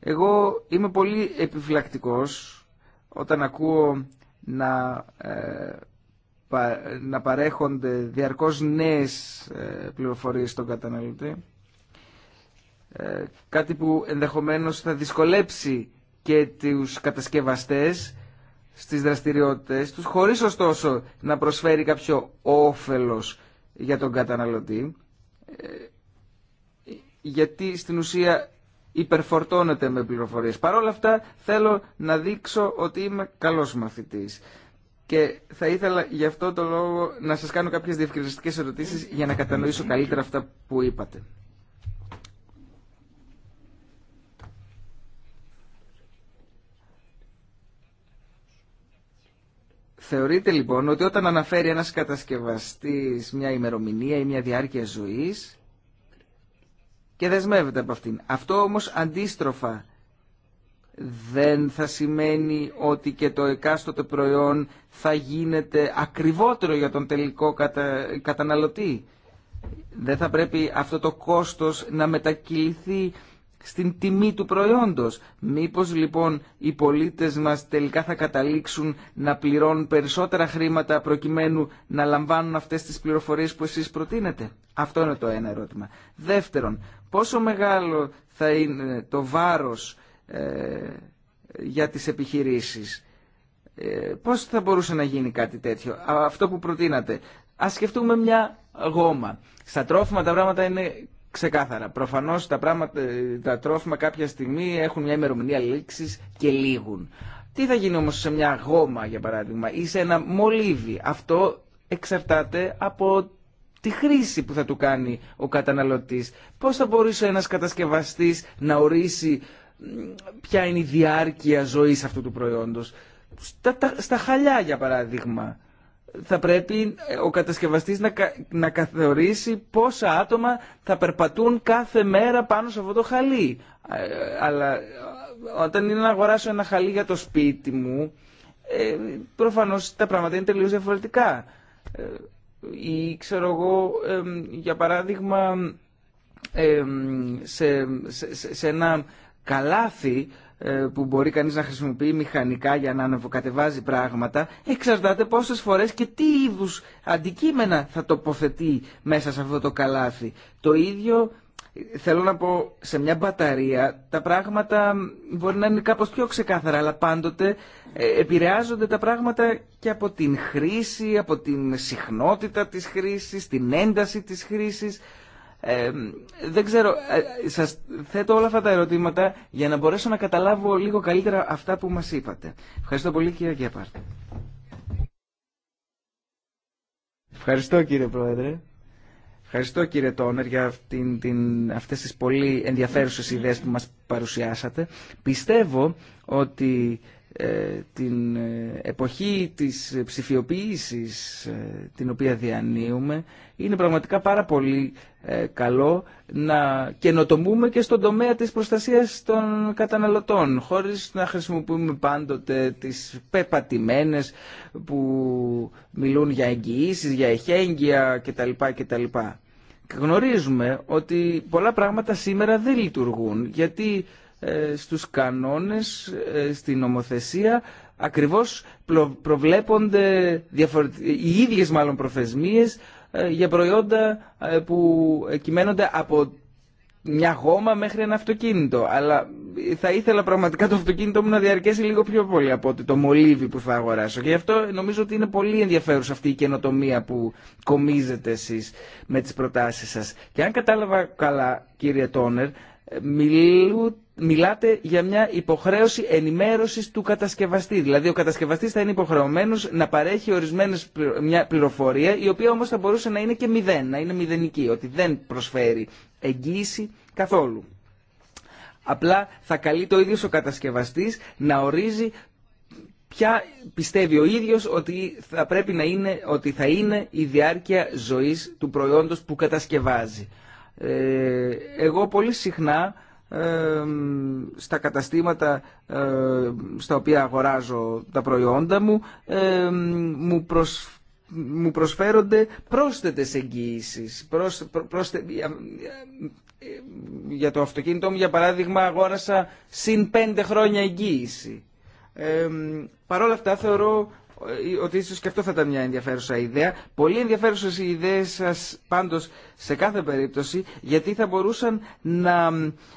Εγώ είμαι πολύ επιφυλακτικός όταν ακούω να, ε, να παρέχονται διαρκώς νέες ε, πληροφορίες στον καταναλωτή. Ε, κάτι που ενδεχομένως θα δυσκολέψει και τους κατασκευαστές στις δραστηριότητες τους, χωρίς ωστόσο να προσφέρει κάποιο όφελος για τον καταναλωτή. Ε, γιατί στην ουσία υπερφορτώνεται με πληροφορίες. Παρ' όλα αυτά θέλω να δείξω ότι είμαι καλός μαθητής. Και θα ήθελα γι' αυτό το λόγο να σας κάνω κάποιες διευκρινιστικές ερωτήσεις για να κατανοήσω καλύτερα αυτά που είπατε. Θεωρείτε λοιπόν ότι όταν αναφέρει ένας κατασκευαστής μια ημερομηνία ή μια διάρκεια ζωής, και δεσμεύεται από αυτήν. Αυτό όμως αντίστροφα δεν θα σημαίνει ότι και το εκάστοτε προϊόν θα γίνεται ακριβότερο για τον τελικό καταναλωτή. Δεν θα πρέπει αυτό το κόστος να μετακυληθεί στην τιμή του προϊόντος. Μήπως λοιπόν οι πολίτες μας τελικά θα καταλήξουν να πληρώνουν περισσότερα χρήματα προκειμένου να λαμβάνουν αυτές τις πληροφορίες που εσείς προτείνετε. Αυτό είναι το ένα ερώτημα. Δεύτερον, πόσο μεγάλο θα είναι το βάρος ε, για τις επιχειρήσεις. Ε, πώς θα μπορούσε να γίνει κάτι τέτοιο. Αυτό που προτείνατε. Ας σκεφτούμε μια γόμα. Στα τρόφιμα τα πράγματα είναι ξεκάθαρα. Προφανώς τα, πράγματα, τα τρόφιμα κάποια στιγμή έχουν μια ημερομηνία λήξης και λήγουν. Τι θα γίνει όμως σε μια γόμα για παράδειγμα ή σε ένα μολύβι. Αυτό εξαρτάται από τη χρήση που θα του κάνει ο καταναλωτής. Πώς θα μπορούσε ένας κατασκευαστής να ορίσει ποια είναι η διάρκεια ζωής αυτού του προϊόντος. Στα, στα χαλιά για παράδειγμα. Θα πρέπει ε, ο κατασκευαστής να, να καθορίσει πόσα άτομα θα περπατούν κάθε μέρα πάνω σε αυτό το χαλί. Ε, αλλά ε, όταν είναι να αγοράσω ένα χαλί για το σπίτι μου, ε, προφανώς τα πράγματα είναι τελείως διαφορετικά ή ξέρω εγώ για παράδειγμα σε, σε, σε ένα καλάθι ε, που μπορεί κανείς να χρησιμοποιεί μηχανικά για να ανεβοκατεβάζει πράγματα εξαρτάται πόσες φορές και τι είδους αντικείμενα θα τοποθετεί μέσα σε αυτό το καλάθι. Το ίδιο Θέλω να πω, σε μια μπαταρία τα πράγματα μπορεί να είναι κάπως πιο ξεκάθαρα, αλλά πάντοτε ε, επηρεάζονται τα πράγματα και από την χρήση, από την συχνότητα της χρήσης, την ένταση της χρήσης. Ε, δεν ξέρω, ε, σας θέτω όλα αυτά τα ερωτήματα για να μπορέσω να καταλάβω λίγο καλύτερα αυτά που μας είπατε. Ευχαριστώ πολύ κύριε Γκέπαρτ. Ευχαριστώ κύριε Πρόεδρε. Ευχαριστώ κύριε Τόνερ για αυτήν, την, αυτές τις πολύ ενδιαφέρουσες ιδέες που μας παρουσιάσατε. Πιστεύω ότι ε, την ε, εποχή της ψηφιοποίησης ε, την οποία διανύουμε είναι πραγματικά πάρα πολύ καλό να καινοτομούμε και στον τομέα της προστασίας των καταναλωτών χωρίς να χρησιμοποιούμε πάντοτε τις πεπατημένες που μιλούν για εγγυήσεις, για εχέγγυα κτλ. κτλ. Γνωρίζουμε ότι πολλά πράγματα σήμερα δεν λειτουργούν γιατί ε, στους κανόνες, ε, στην νομοθεσία ακριβώς προβλέπονται οι ίδιες μάλλον προθεσμίες ε, για προϊόντα που κυμαίνονται από μια γόμα μέχρι ένα αυτοκίνητο. Αλλά θα ήθελα πραγματικά το αυτοκίνητό μου να διαρκέσει λίγο πιο πολύ από ότι το μολύβι που θα αγοράσω. Και γι' αυτό νομίζω ότι είναι πολύ ενδιαφέρουσα αυτή η καινοτομία που κομίζετε εσείς με τις προτάσεις σας Και αν κατάλαβα καλά, κύριε Τόνερ, μιλάτε για μια υποχρέωση ενημέρωσης του κατασκευαστή. Δηλαδή ο κατασκευαστής θα είναι υποχρεωμένος να παρέχει ορισμένες μια πληροφορία η οποία όμως θα μπορούσε να είναι και μηδέν, να είναι μηδενική, ότι δεν προσφέρει εγγύηση καθόλου. Απλά θα καλεί το ίδιος ο κατασκευαστής να ορίζει ποια πιστεύει ο ίδιος ότι θα πρέπει να είναι, ότι θα είναι η διάρκεια ζωής του προϊόντος που κατασκευάζει. Ε, εγώ πολύ συχνά ε, στα καταστήματα ε, στα οποία αγοράζω τα προϊόντα μου μου μου προσφέρονται πρόσθετες εγγύησεις. για, το αυτοκίνητό μου, για παράδειγμα, αγόρασα συν πέντε χρόνια εγγύηση. Ε, αυτά θεωρώ ε, ότι ίσως και αυτό θα ήταν μια ενδιαφέρουσα ιδέα. Πολύ ενδιαφέρουσες οι ιδέες σας πάντως σε κάθε περίπτωση, γιατί θα μπορούσαν να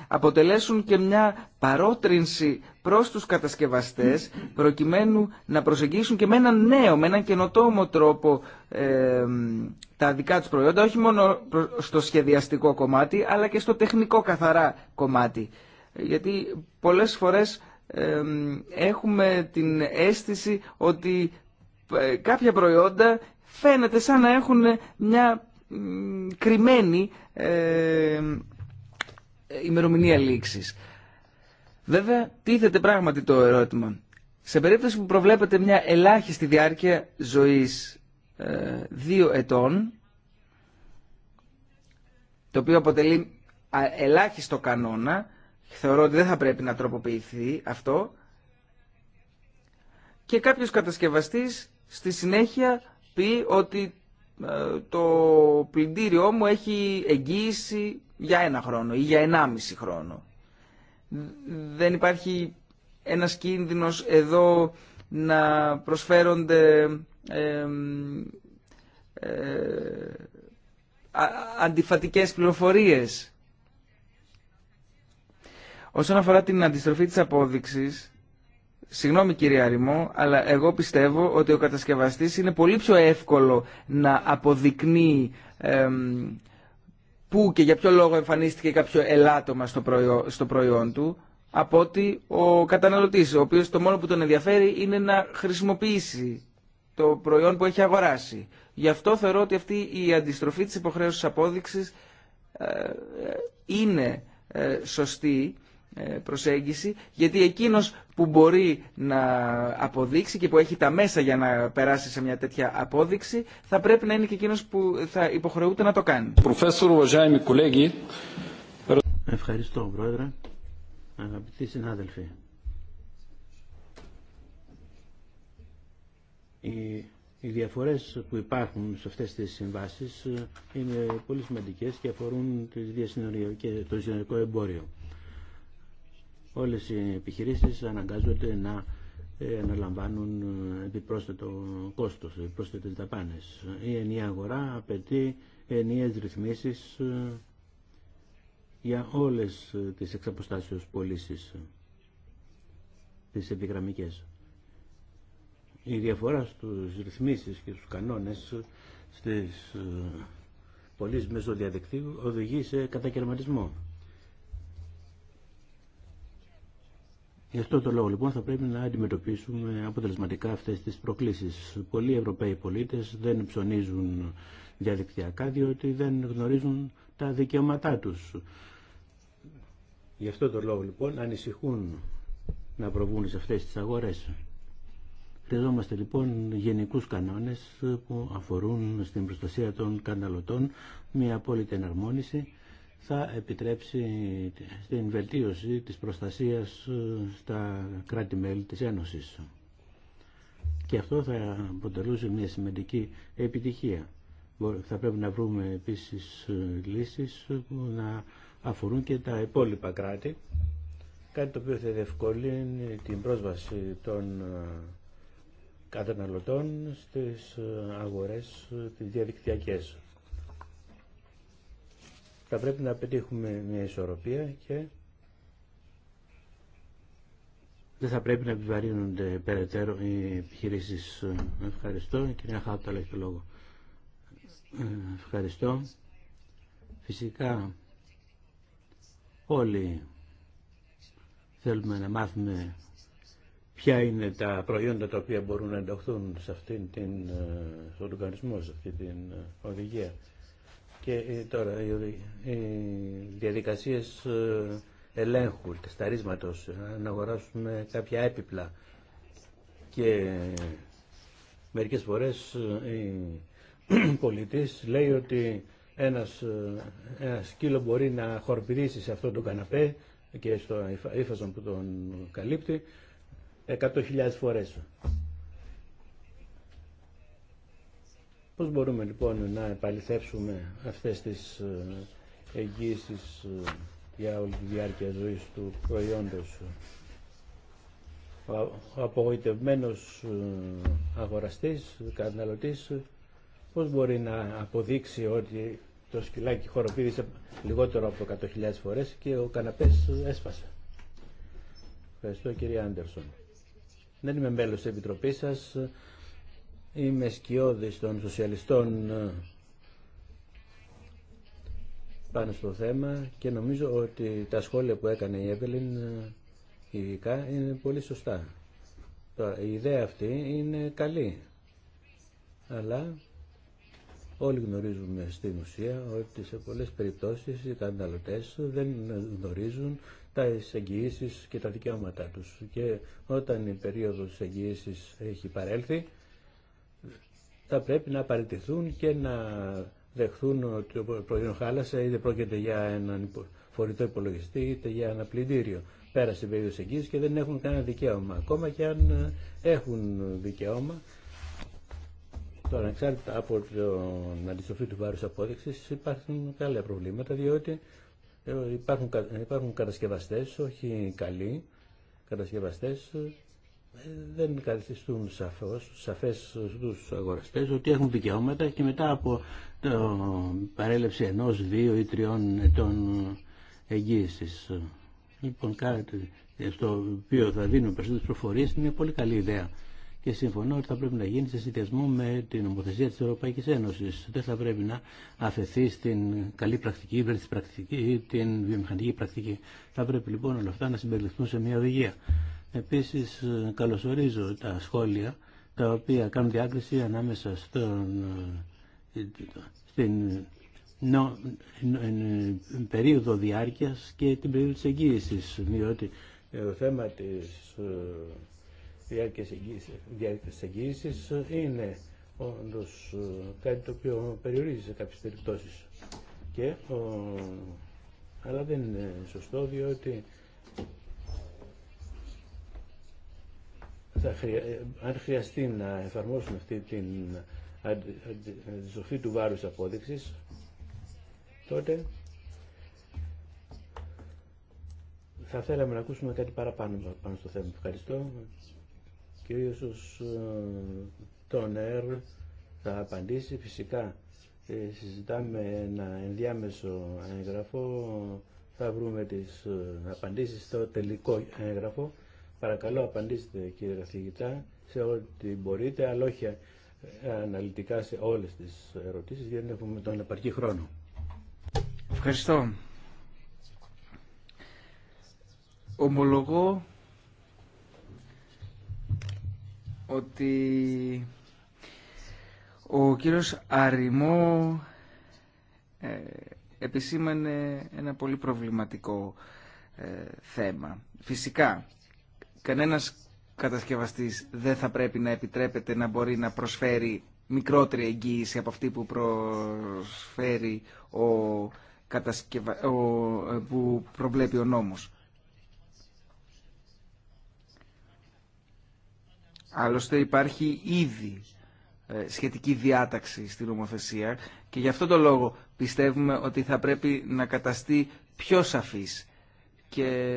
αποτελέσουν και μια παρότρινση προς τους κατασκευαστές, προκειμένου να προσεγγίσουν και με έναν νέο, με έναν καινοτόμο τρόπο ε, τα δικά τους προϊόντα, όχι μόνο στο σχεδιαστικό κομμάτι, αλλά και στο τεχνικό καθαρά κομμάτι. Γιατί πολλές φορές έχουμε την αίσθηση ότι ε, κάποια προϊόντα φαίνεται σαν να έχουν μια κρυμμένη ημερομηνία λήξης. Βέβαια, τίθεται πράγματι το ερώτημα. Σε περίπτωση που προβλέπετε μια ελάχιστη διάρκεια ζωής ε, δύο ετών, το οποίο αποτελεί ελάχιστο κανόνα, Θεωρώ ότι δεν θα πρέπει να τροποποιηθεί αυτό. Και κάποιος κατασκευαστής στη συνέχεια πει ότι ε, το πλυντήριό μου έχει εγγύηση για ένα χρόνο ή για ενάμιση χρόνο. Δεν υπάρχει ένας κίνδυνος εδώ να προσφέρονται ε, ε, αντιφατικές πληροφορίες Όσον αφορά την αντιστροφή της απόδειξης, συγγνώμη κύριε Αρημό, αλλά εγώ πιστεύω ότι ο κατασκευαστής είναι πολύ πιο εύκολο να αποδεικνύει πού και για ποιο λόγο εμφανίστηκε κάποιο ελάττωμα στο, προϊό, προϊόν του, από ότι ο καταναλωτής, ο οποίος το μόνο που τον ενδιαφέρει είναι να χρησιμοποιήσει το προϊόν που έχει αγοράσει. Γι' αυτό θεωρώ ότι αυτή η αντιστροφή της υποχρέωσης απόδειξης ε, ε είναι ε, σωστή ε, προσέγγιση, γιατί εκείνος που μπορεί να αποδείξει και που έχει τα μέσα για να περάσει σε μια τέτοια απόδειξη, θα πρέπει να είναι και εκείνος που θα υποχρεούται να το κάνει. Ευχαριστώ, Πρόεδρε. Αγαπητοί συνάδελφοι. Οι, οι διαφορές που υπάρχουν σε αυτές τις συμβάσεις ε, είναι πολύ σημαντικές και αφορούν το διασυνοριακό εμπόριο όλες οι επιχειρήσεις αναγκάζονται να ε, αναλαμβάνουν ε, επιπρόσθετο κόστος, επιπρόσθετες δαπάνες. Η ενιαία αγορά απαιτεί ενιαίες ρυθμίσεις ε, για όλες τις εξαποστάσεις πωλήσει τις επιγραμμικές. Η διαφορά στους ρυθμίσεις και στους κανόνες στις πωλήσει μέσω διαδικτύου οδηγεί σε κατακαιρματισμό. Γι' αυτό το λόγο λοιπόν θα πρέπει να αντιμετωπίσουμε αποτελεσματικά αυτές τις προκλήσεις. Πολλοί Ευρωπαίοι πολίτες δεν ψωνίζουν διαδικτυακά διότι δεν γνωρίζουν τα δικαιώματά τους. Γι' αυτό το λόγο λοιπόν ανησυχούν να προβούν σε αυτές τις αγορές. Χρειαζόμαστε λοιπόν γενικούς κανόνες που αφορούν στην προστασία των καταναλωτών, μια απόλυτη εναρμόνιση θα επιτρέψει την βελτίωση της προστασίας ε, στα κράτη-μέλη της Ένωσης. Και αυτό θα αποτελούσε μια σημαντική επιτυχία. Θα πρέπει να βρούμε επίσης ε, λύσεις που να αφορούν και τα υπόλοιπα κράτη, κάτι το οποίο θα διευκολύνει την πρόσβαση των ε, καταναλωτών στις αγορές τις διαδικτυακές. Θα πρέπει να πετύχουμε μια ισορροπία και δεν θα πρέπει να επιβαρύνονται περαιτέρω οι επιχειρήσει. Ευχαριστώ. Η κυρία Χάπτα λέει το λόγο. Ευχαριστώ. Φυσικά όλοι θέλουμε να μάθουμε ποια είναι τα προϊόντα τα οποία μπορούν να εντοχθούν σε αυτήν την, ε, οργανισμό, σε αυτή την ε, οδηγία. Και ε, τώρα οι διαδικασίες ε, ελέγχου, τεσταρίσματος, ε, να αγοράσουμε κάποια έπιπλα και μερικές φορές ο πολιτής λέει ότι ένας, ένα σκύλο μπορεί να χορπηδήσει σε αυτό τον καναπέ και στο ύφασμα που τον καλύπτει 100.000 φορές. Πώς μπορούμε λοιπόν να επαληθεύσουμε αυτές τις ε, εγγύησεις ε, για όλη τη διάρκεια ζωής του προϊόντος. Ο απογοητευμένος ε, αγοραστής, καταναλωτής, πώς μπορεί να αποδείξει ότι το σκυλάκι χοροπήδησε λιγότερο από 100.000 φορές και ο καναπές έσπασε. Ευχαριστώ κύριε Άντερσον. Δεν είμαι μέλος της Επιτροπής σας, Είμαι σκιώδης των σοσιαλιστών ε, πάνω στο θέμα και νομίζω ότι τα σχόλια που έκανε η Εύελιν ε, ειδικά είναι πολύ σωστά. Η ιδέα αυτή είναι καλή, αλλά όλοι γνωρίζουμε στην ουσία ότι σε πολλές περιπτώσεις οι καταναλωτές δεν γνωρίζουν τα εγγυήσεις και τα δικαιώματά τους. Και όταν η περίοδος εγγυήσεις έχει παρέλθει, θα πρέπει να παραιτηθούν και να δεχθούν ότι το προϊόν χάλασε, είτε πρόκειται για έναν φορητό υπολογιστή, είτε για ένα πλυντήριο. Πέρασε η περίοδο εγγύηση και δεν έχουν κανένα δικαίωμα. Ακόμα και αν ε, έχουν δικαίωμα, τώρα εξάρτητα από την αντιστροφή του βάρου απόδειξη, υπάρχουν καλά προβλήματα, διότι ε, υπάρχουν, υπάρχουν κατασκευαστέ, όχι καλοί κατασκευαστές δεν καθιστούν σαφώς, σαφές στους αγοραστές ότι έχουν δικαιώματα και μετά από το ε, παρέλευση ενός, δύο ή τριών ετών εγγύησης. Λοιπόν, κάτι στο οποίο θα δίνουν περισσότερες προφορίες είναι μια πολύ καλή ιδέα και συμφωνώ ότι θα πρέπει να γίνει σε συνδυασμό με την νομοθεσία της Ευρωπαϊκής Ένωσης. Δεν θα πρέπει να αφαιθεί στην καλή πρακτική, την πρακτική ή την βιομηχανική πρακτική. Θα πρέπει λοιπόν όλα αυτά να συμπεριληφθούν σε μια οδηγία. Επίσης ε, καλωσορίζω τα σχόλια τα οποία κάνουν διάκριση ανάμεσα στον, ε, ε, στην νο, περίοδο διάρκειας και την περίοδο της εγγύησης, διότι το θέμα της διάρκειας εγγύησης, διάρκειας εγγύησης είναι όντως κάτι το οποίο περιορίζει σε κάποιες περιπτώσεις. Και, αλλά δεν είναι σωστό διότι Ε, αν χρειαστεί να εφαρμόσουμε αυτή την ζωφή του βάρους απόδειξης, τότε θα θέλαμε να ακούσουμε κάτι παραπάνω πάνω στο θέμα. Ευχαριστώ. Κυρίως ως ε, τον ΕΡ θα απαντήσει. Φυσικά ε, συζητάμε ένα ενδιάμεσο έγγραφο. Θα βρούμε τις απαντήσεις στο τελικό έγγραφο Παρακαλώ απαντήστε κύριε καθηγητά σε ό,τι μπορείτε, αλλά όχι ε, αναλυτικά σε όλες τις ερωτήσεις, γιατί δεν έχουμε τον επαρκή χρόνο. Ευχαριστώ. Ομολογώ ότι ο κύριος Αριμό ε, επισήμανε ένα πολύ προβληματικό ε, θέμα. Φυσικά, κανένας κατασκευαστής δεν θα πρέπει να επιτρέπεται να μπορεί να προσφέρει μικρότερη εγγύηση από αυτή που προσφέρει ο, ε, που προβλέπει ο νόμος. Άλλωστε υπάρχει ήδη ε, σχετική διάταξη στην νομοθεσία και γι' αυτό το λόγο πιστεύουμε ότι θα πρέπει να καταστεί πιο σαφής και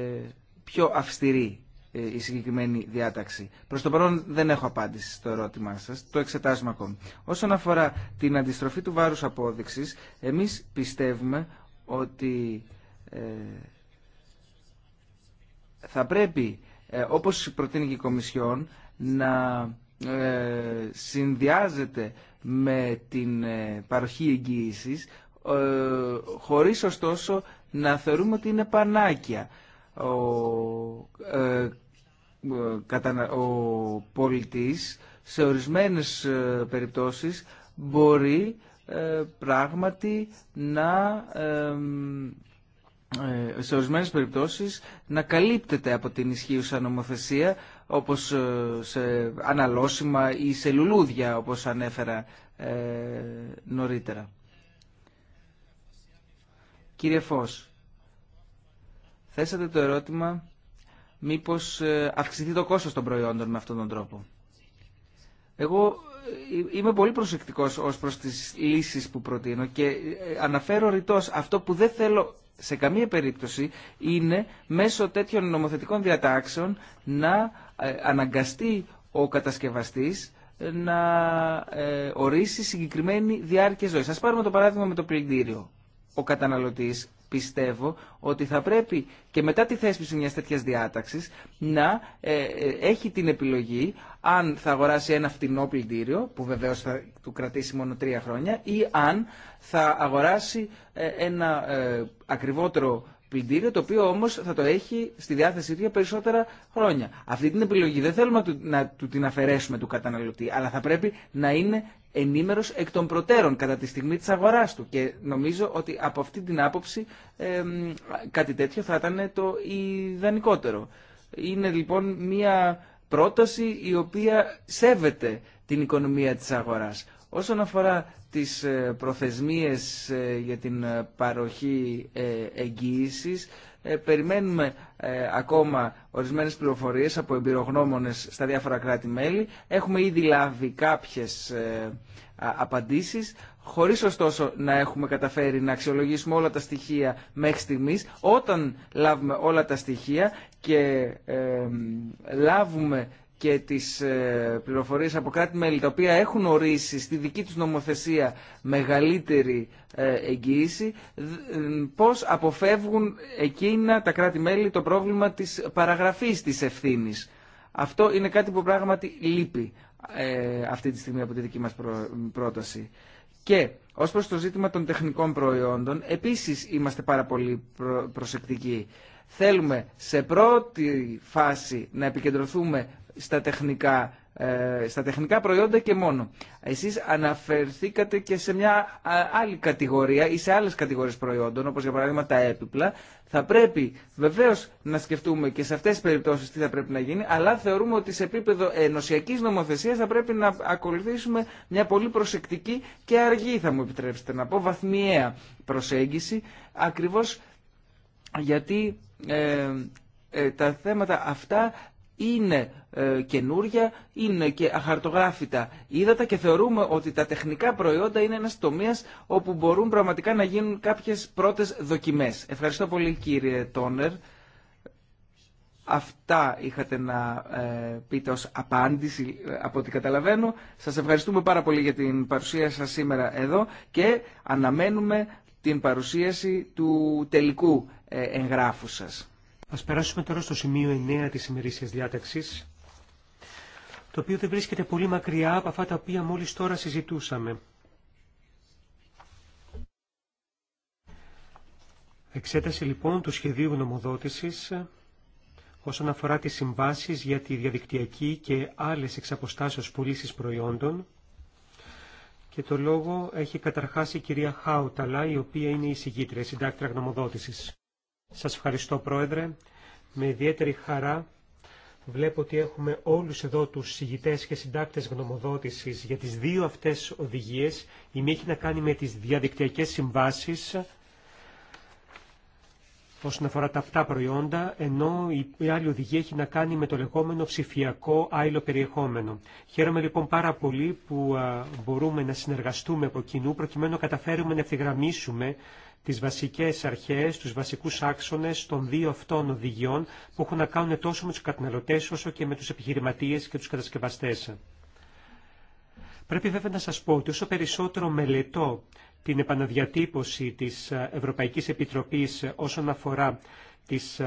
πιο αυστηρή ε, η συγκεκριμένη διάταξη. Προ το παρόν δεν έχω απάντηση στο ερώτημά σας, το εξετάζουμε ακόμη. Όσον αφορά την αντιστροφή του βάρους απόδειξη, εμείς πιστεύουμε ότι ε, θα πρέπει, ε, όπως προτείνει και η Κομισιόν, να συνδυάζεται με την παροχή εγγύησης, χωρίς ωστόσο να θεωρούμε ότι είναι πανάκια. Ο ε, ο πολιτής σε ορισμένες ε, περιπτώσεις μπορεί ε, πράγματι να σε ορισμένες περιπτώσεις να καλύπτεται από την ισχύουσα νομοθεσία όπως σε αναλώσιμα ή σε λουλούδια όπως ανέφερα νωρίτερα. Κύριε Φως, θέσατε το ερώτημα μήπως ε, αυξηθεί το κόστος των προϊόντων με αυτόν τον τρόπο. Εγώ ε, ε, είμαι πολύ προσεκτικός ως προς τις λύσεις που προτείνω και αναφέρω ρητός αυτό που δεν θέλω σε καμία περίπτωση είναι μέσω τέτοιων νομοθετικών διατάξεων να αναγκαστεί ο κατασκευαστής να ορίσει συγκεκριμένη διάρκεια ζωής. Ας πάρουμε το παράδειγμα με το πλυντήριο. Ο καταναλωτής πιστεύω ότι θα πρέπει και μετά τη θέσπιση μιας τέτοιας διάταξης να ε, ε, έχει την επιλογή αν θα αγοράσει ένα φτηνό πλυντήριο που βεβαίως θα του κρατήσει μόνο τρία χρόνια ή αν θα αγοράσει ε, ένα ακριβότερο πλυντήριο το οποίο όμως θα το έχει στη διάθεσή του για περισσότερα χρόνια. Αυτή την επιλογή δεν θέλουμε να του την αφαιρέσουμε του καταναλωτή αλλά θα πρέπει να είναι ενήμερος εκ των προτέρων κατά τη στιγμή της αγοράς του και νομίζω ότι από αυτή την άποψη κάτι τέτοιο θα ήταν το ιδανικότερο. Είναι λοιπόν μια πρόταση η οποία σέβεται την οικονομία της αγοράς. Όσον αφορά τις ε, προθεσμίες ε, για την ε, παροχή εγγύησης, περιμένουμε ακόμα ορισμένες πληροφορίες από εμπειρογνώμονες στα διάφορα κράτη-μέλη. Έχουμε ήδη λάβει κάποιες απαντήσεις, χωρίς ωστόσο να έχουμε καταφέρει να αξιολογήσουμε όλα τα στοιχεία μέχρι στιγμής. Όταν λάβουμε όλα τα στοιχεία και λάβουμε και τις ε, πληροφορίες από κράτη-μέλη τα οποία έχουν ορίσει στη δική τους νομοθεσία μεγαλύτερη ε, εγγύηση ε, πώς αποφεύγουν εκείνα τα κράτη-μέλη το πρόβλημα της παραγραφής της ευθύνης. Αυτό είναι κάτι που πράγματι λείπει αυτή τη στιγμή από τη δική μας πρόταση. Και ως προς το ζήτημα των τεχνικών προϊόντων επίσης είμαστε πάρα πολύ προσεκτικοί θέλουμε σε πρώτη φάση να επικεντρωθούμε στα τεχνικά, ε, στα τεχνικά προϊόντα και μόνο. Εσείς αναφερθήκατε και σε μια άλλη κατηγορία ή σε άλλες κατηγορίες προϊόντων, όπως για παράδειγμα τα έπιπλα. Θα πρέπει βεβαίως να σκεφτούμε και σε αυτές τις περιπτώσεις τι θα πρέπει να γίνει, αλλά θεωρούμε ότι σε επίπεδο ενωσιακής νομοθεσίας θα πρέπει να ακολουθήσουμε μια πολύ προσεκτική και αργή, θα μου επιτρέψετε να πω, βαθμιαία προσέγγιση, ακριβώς γιατί... Ε, ε τα θέματα αυτά είναι ε, καινούρια, είναι και αχαρτογράφητα ύδατα και θεωρούμε ότι τα τεχνικά προϊόντα είναι ένας τομέας όπου μπορούν πραγματικά να γίνουν κάποιες πρώτες δοκιμές. Ευχαριστώ πολύ κύριε Τόνερ. Αυτά είχατε να ε, πείτε ως απάντηση ε, από ό,τι καταλαβαίνω. Σας ευχαριστούμε πάρα πολύ για την παρουσία σας σήμερα εδώ και αναμένουμε την παρουσίαση του τελικού ε, εγγράφου σας. Ας περάσουμε τώρα στο σημείο 9 της ημερήσιας διάταξης, το οποίο δεν βρίσκεται πολύ μακριά από αυτά τα οποία μόλις τώρα συζητούσαμε. Εξέταση λοιπόν του σχεδίου γνωμοδότησης όσον αφορά τις συμβάσεις για τη διαδικτυακή και άλλες εξαποστάσεως πωλήσει προϊόντων και το λόγο έχει καταρχάσει η κυρία Χάουταλα, η οποία είναι η συγκήτρια, συντάκτρα γνωμοδότησης. Σας ευχαριστώ Πρόεδρε. Με ιδιαίτερη χαρά βλέπω ότι έχουμε όλους εδώ τους συγητές και συντάκτες γνωμοδότησης για τις δύο αυτές οδηγίες. Η μία έχει να κάνει με τις διαδικτυακές συμβάσεις όσον αφορά τα αυτά προϊόντα, ενώ η άλλη οδηγία έχει να κάνει με το λεγόμενο ψηφιακό άειλο περιεχόμενο. Χαίρομαι λοιπόν πάρα πολύ που μπορούμε να συνεργαστούμε από κοινού προκειμένου να καταφέρουμε να ευθυγραμμίσουμε τις βασικές αρχές, τους βασικούς άξονες των δύο αυτών οδηγιών που έχουν να κάνουν τόσο με τους καταναλωτές όσο και με τους επιχειρηματίες και τους κατασκευαστές. Πρέπει βέβαια να σας πω ότι όσο περισσότερο μελετώ την επαναδιατύπωση της Ευρωπαϊκής Επιτροπής όσον αφορά τις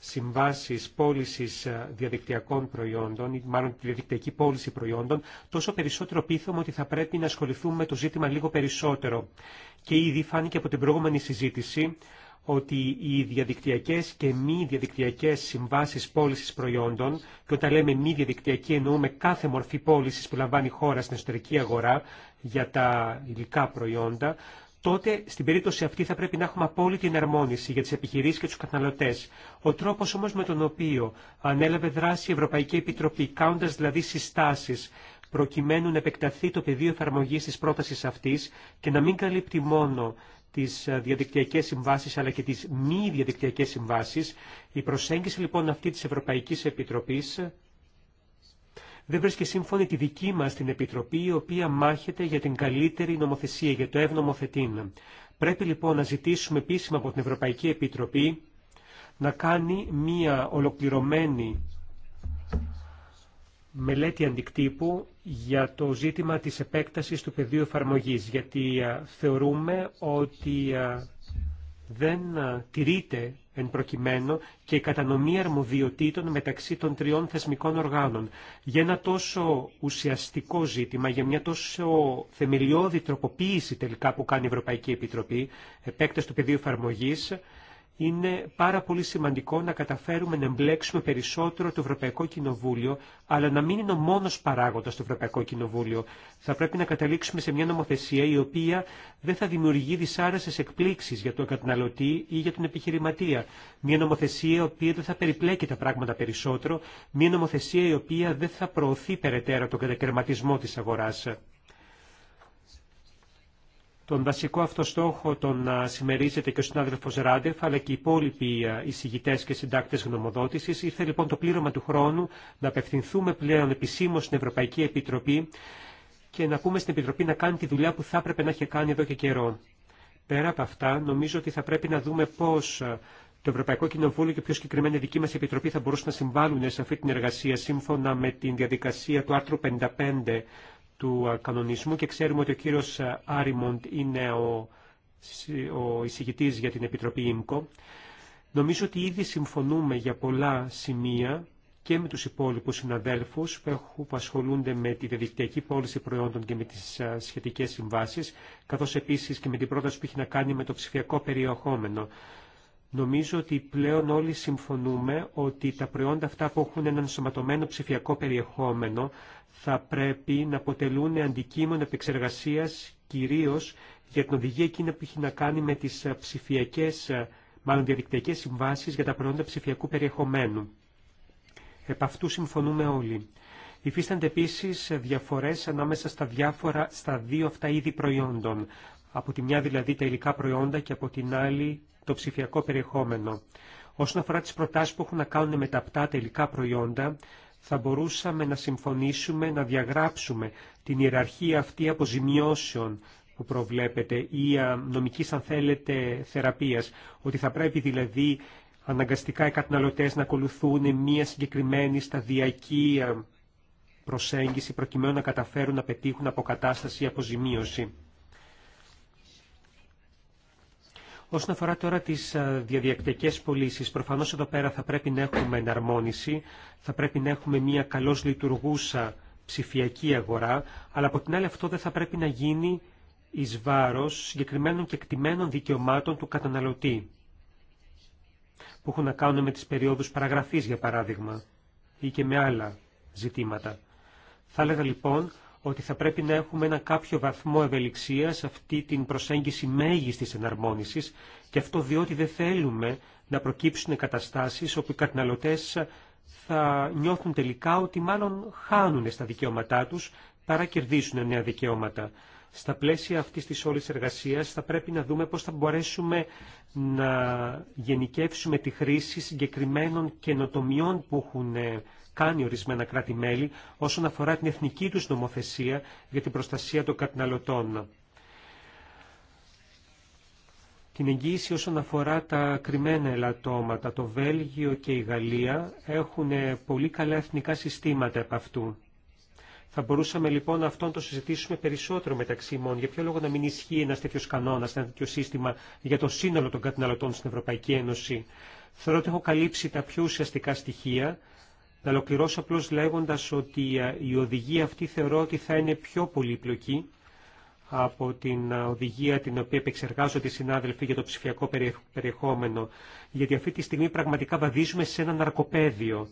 συμβάσει πώληση ε, διαδικτυακών προϊόντων ή μάλλον τη διαδικτυακή πώληση προϊόντων, τόσο περισσότερο πείθομαι ότι θα πρέπει να ασχοληθούμε με το ζήτημα λίγο περισσότερο. Και ήδη φάνηκε από την προηγούμενη συζήτηση ότι οι διαδικτυακέ και μη διαδικτυακέ συμβάσει πώληση προϊόντων, και όταν λέμε μη διαδικτυακή εννοούμε κάθε μορφή πώληση που λαμβάνει η χώρα στην εσωτερική αγορά για τα υλικά προϊόντα, τότε στην περίπτωση αυτή θα πρέπει να έχουμε απόλυτη εναρμόνιση για τις επιχειρήσεις και τους καταναλωτές. Ο τρόπος όμως με τον οποίο ανέλαβε δράση η Ευρωπαϊκή Επιτροπή, κάνοντας δηλαδή συστάσεις, προκειμένου να επεκταθεί το πεδίο εφαρμογής της πρότασης αυτής και να μην καλύπτει μόνο τις ε, διαδικτυακές συμβάσεις αλλά και τις μη διαδικτυακές συμβάσεις. Η προσέγγιση λοιπόν αυτή της Ευρωπαϊκής Επιτροπής δεν βρίσκει σύμφωνη τη δική μας την Επιτροπή, η οποία μάχεται για την καλύτερη νομοθεσία, για το θετήν. Πρέπει λοιπόν να ζητήσουμε επίσημα από την Ευρωπαϊκή Επιτροπή να κάνει μία ολοκληρωμένη μελέτη αντικτύπου για το ζήτημα της επέκτασης του πεδίου εφαρμογή, γιατί θεωρούμε ότι δεν τηρείται εν προκειμένου και η κατανομή αρμοδιοτήτων μεταξύ των τριών θεσμικών οργάνων. Για ένα τόσο ουσιαστικό ζήτημα, για μια τόσο θεμελιώδη τροποποίηση τελικά που κάνει η Ευρωπαϊκή Επιτροπή, επέκταση του πεδίου εφαρμογή, είναι πάρα πολύ σημαντικό να καταφέρουμε να εμπλέξουμε περισσότερο το Ευρωπαϊκό Κοινοβούλιο, αλλά να μην είναι ο μόνος παράγοντας το Ευρωπαϊκό Κοινοβούλιο. Θα πρέπει να καταλήξουμε σε μια νομοθεσία η οποία δεν θα δημιουργεί δυσάρεσες εκπλήξεις για τον καταναλωτή ή για τον επιχειρηματία. Μια νομοθεσία η οποία δεν θα περιπλέκει τα πράγματα περισσότερο, μια νομοθεσία η οποία δεν θα προωθεί περαιτέρω τον κατακαιρματισμό της αγοράς. Τον βασικό αυτό στόχο τον συμμερίζεται και ο συνάδελφο Ράντεφ, αλλά και οι υπόλοιποι εισηγητέ και συντάκτε γνωμοδότηση. Ήρθε λοιπόν το πλήρωμα του χρόνου να απευθυνθούμε πλέον επισήμω στην Ευρωπαϊκή Επιτροπή και να πούμε στην Επιτροπή να κάνει τη δουλειά που θα έπρεπε να είχε κάνει εδώ και καιρό. Πέρα από αυτά, νομίζω ότι θα πρέπει να δούμε πώ το Ευρωπαϊκό Κοινοβούλιο και πιο συγκεκριμένα η δική μα Επιτροπή θα μπορούσαν να συμβάλλουν σε αυτή την εργασία σύμφωνα με την διαδικασία του άρθρου 55 του κανονισμού και ξέρουμε ότι ο κύριος Άριμοντ είναι ο, ο εισηγητής για την Επιτροπή ΙΜΚΟ. Νομίζω ότι ήδη συμφωνούμε για πολλά σημεία και με τους υπόλοιπους συναδέλφους που ασχολούνται με τη διαδικτυακή πώληση προϊόντων και με τις σχετικές συμβάσεις, καθώς επίσης και με την πρόταση που έχει να κάνει με το ψηφιακό περιεχόμενο. Νομίζω ότι πλέον όλοι συμφωνούμε ότι τα προϊόντα αυτά που έχουν έναν σωματωμένο ψηφιακό περιεχόμενο θα πρέπει να αποτελούν αντικείμενο επεξεργασίας κυρίως για την οδηγία εκείνη που έχει να κάνει με τις ε, ψηφιακές, ε, μάλλον διαδικτυακές συμβάσεις για τα προϊόντα ψηφιακού περιεχομένου. Επ' αυτού συμφωνούμε όλοι. Υφίστανται επίσης ε, διαφορές ανάμεσα στα, διάφορα, στα δύο αυτά είδη προϊόντων. Από τη μια δηλαδή τα υλικά προϊόντα και από την άλλη το ψηφιακό περιεχόμενο. Όσον αφορά τις προτάσεις που έχουν να κάνουν με τα πτά τελικά προϊόντα, θα μπορούσαμε να συμφωνήσουμε να διαγράψουμε την ιεραρχία αυτή αποζημιώσεων που προβλέπεται ή νομική, αν θέλετε θεραπείας, ότι θα πρέπει δηλαδή αναγκαστικά οι καταναλωτές να ακολουθούν μία συγκεκριμένη σταδιακή προσέγγιση προκειμένου να καταφέρουν να πετύχουν αποκατάσταση ή αποζημίωση. Όσον αφορά τώρα τις ε, διαδιακτικές πωλήσει, προφανώς εδώ πέρα θα πρέπει να έχουμε εναρμόνιση, θα πρέπει να έχουμε μια καλώς λειτουργούσα ψηφιακή αγορά, αλλά από την άλλη αυτό δεν θα πρέπει να γίνει εις βάρος συγκεκριμένων και εκτιμένων δικαιωμάτων του καταναλωτή, που έχουν να κάνουν με τις περιόδους παραγραφής για παράδειγμα ή και με άλλα ζητήματα. Θα έλεγα λοιπόν ότι θα πρέπει να έχουμε ένα κάποιο βαθμό ευελιξίας αυτή την προσέγγιση μέγιστης εναρμόνισης και αυτό διότι δεν θέλουμε να προκύψουν καταστάσεις όπου οι καταναλωτέ θα νιώθουν τελικά ότι μάλλον χάνουν στα δικαιώματά τους παρά κερδίσουν νέα δικαιώματα. Στα πλαίσια αυτής της όλης εργασίας θα πρέπει να δούμε πώς θα μπορέσουμε να γενικεύσουμε τη χρήση συγκεκριμένων καινοτομιών που έχουν κάνει ορισμένα κράτη-μέλη όσον αφορά την εθνική τους νομοθεσία για την προστασία των καταναλωτών. Την εγγύηση όσον αφορά τα κρυμμένα ελαττώματα, το Βέλγιο και η Γαλλία έχουν πολύ καλά εθνικά συστήματα από αυτού. Θα μπορούσαμε λοιπόν αυτό να το συζητήσουμε περισσότερο μεταξύ μόνο. Για ποιο λόγο να μην ισχύει ένα τέτοιο κανόνα, ένα τέτοιο σύστημα για το σύνολο των καταναλωτών στην Ευρωπαϊκή Ένωση. Θεωρώ ότι έχω καλύψει τα πιο ουσιαστικά στοιχεία να ολοκληρώσω απλώ λέγοντα ότι ε, η οδηγία αυτή θεωρώ ότι θα είναι πιο πολύπλοκη από την ε, οδηγία την οποία επεξεργάζονται οι συνάδελφοι για το ψηφιακό περιεχόμενο. Γιατί αυτή τη στιγμή πραγματικά βαδίζουμε σε ένα ναρκοπαίδιο.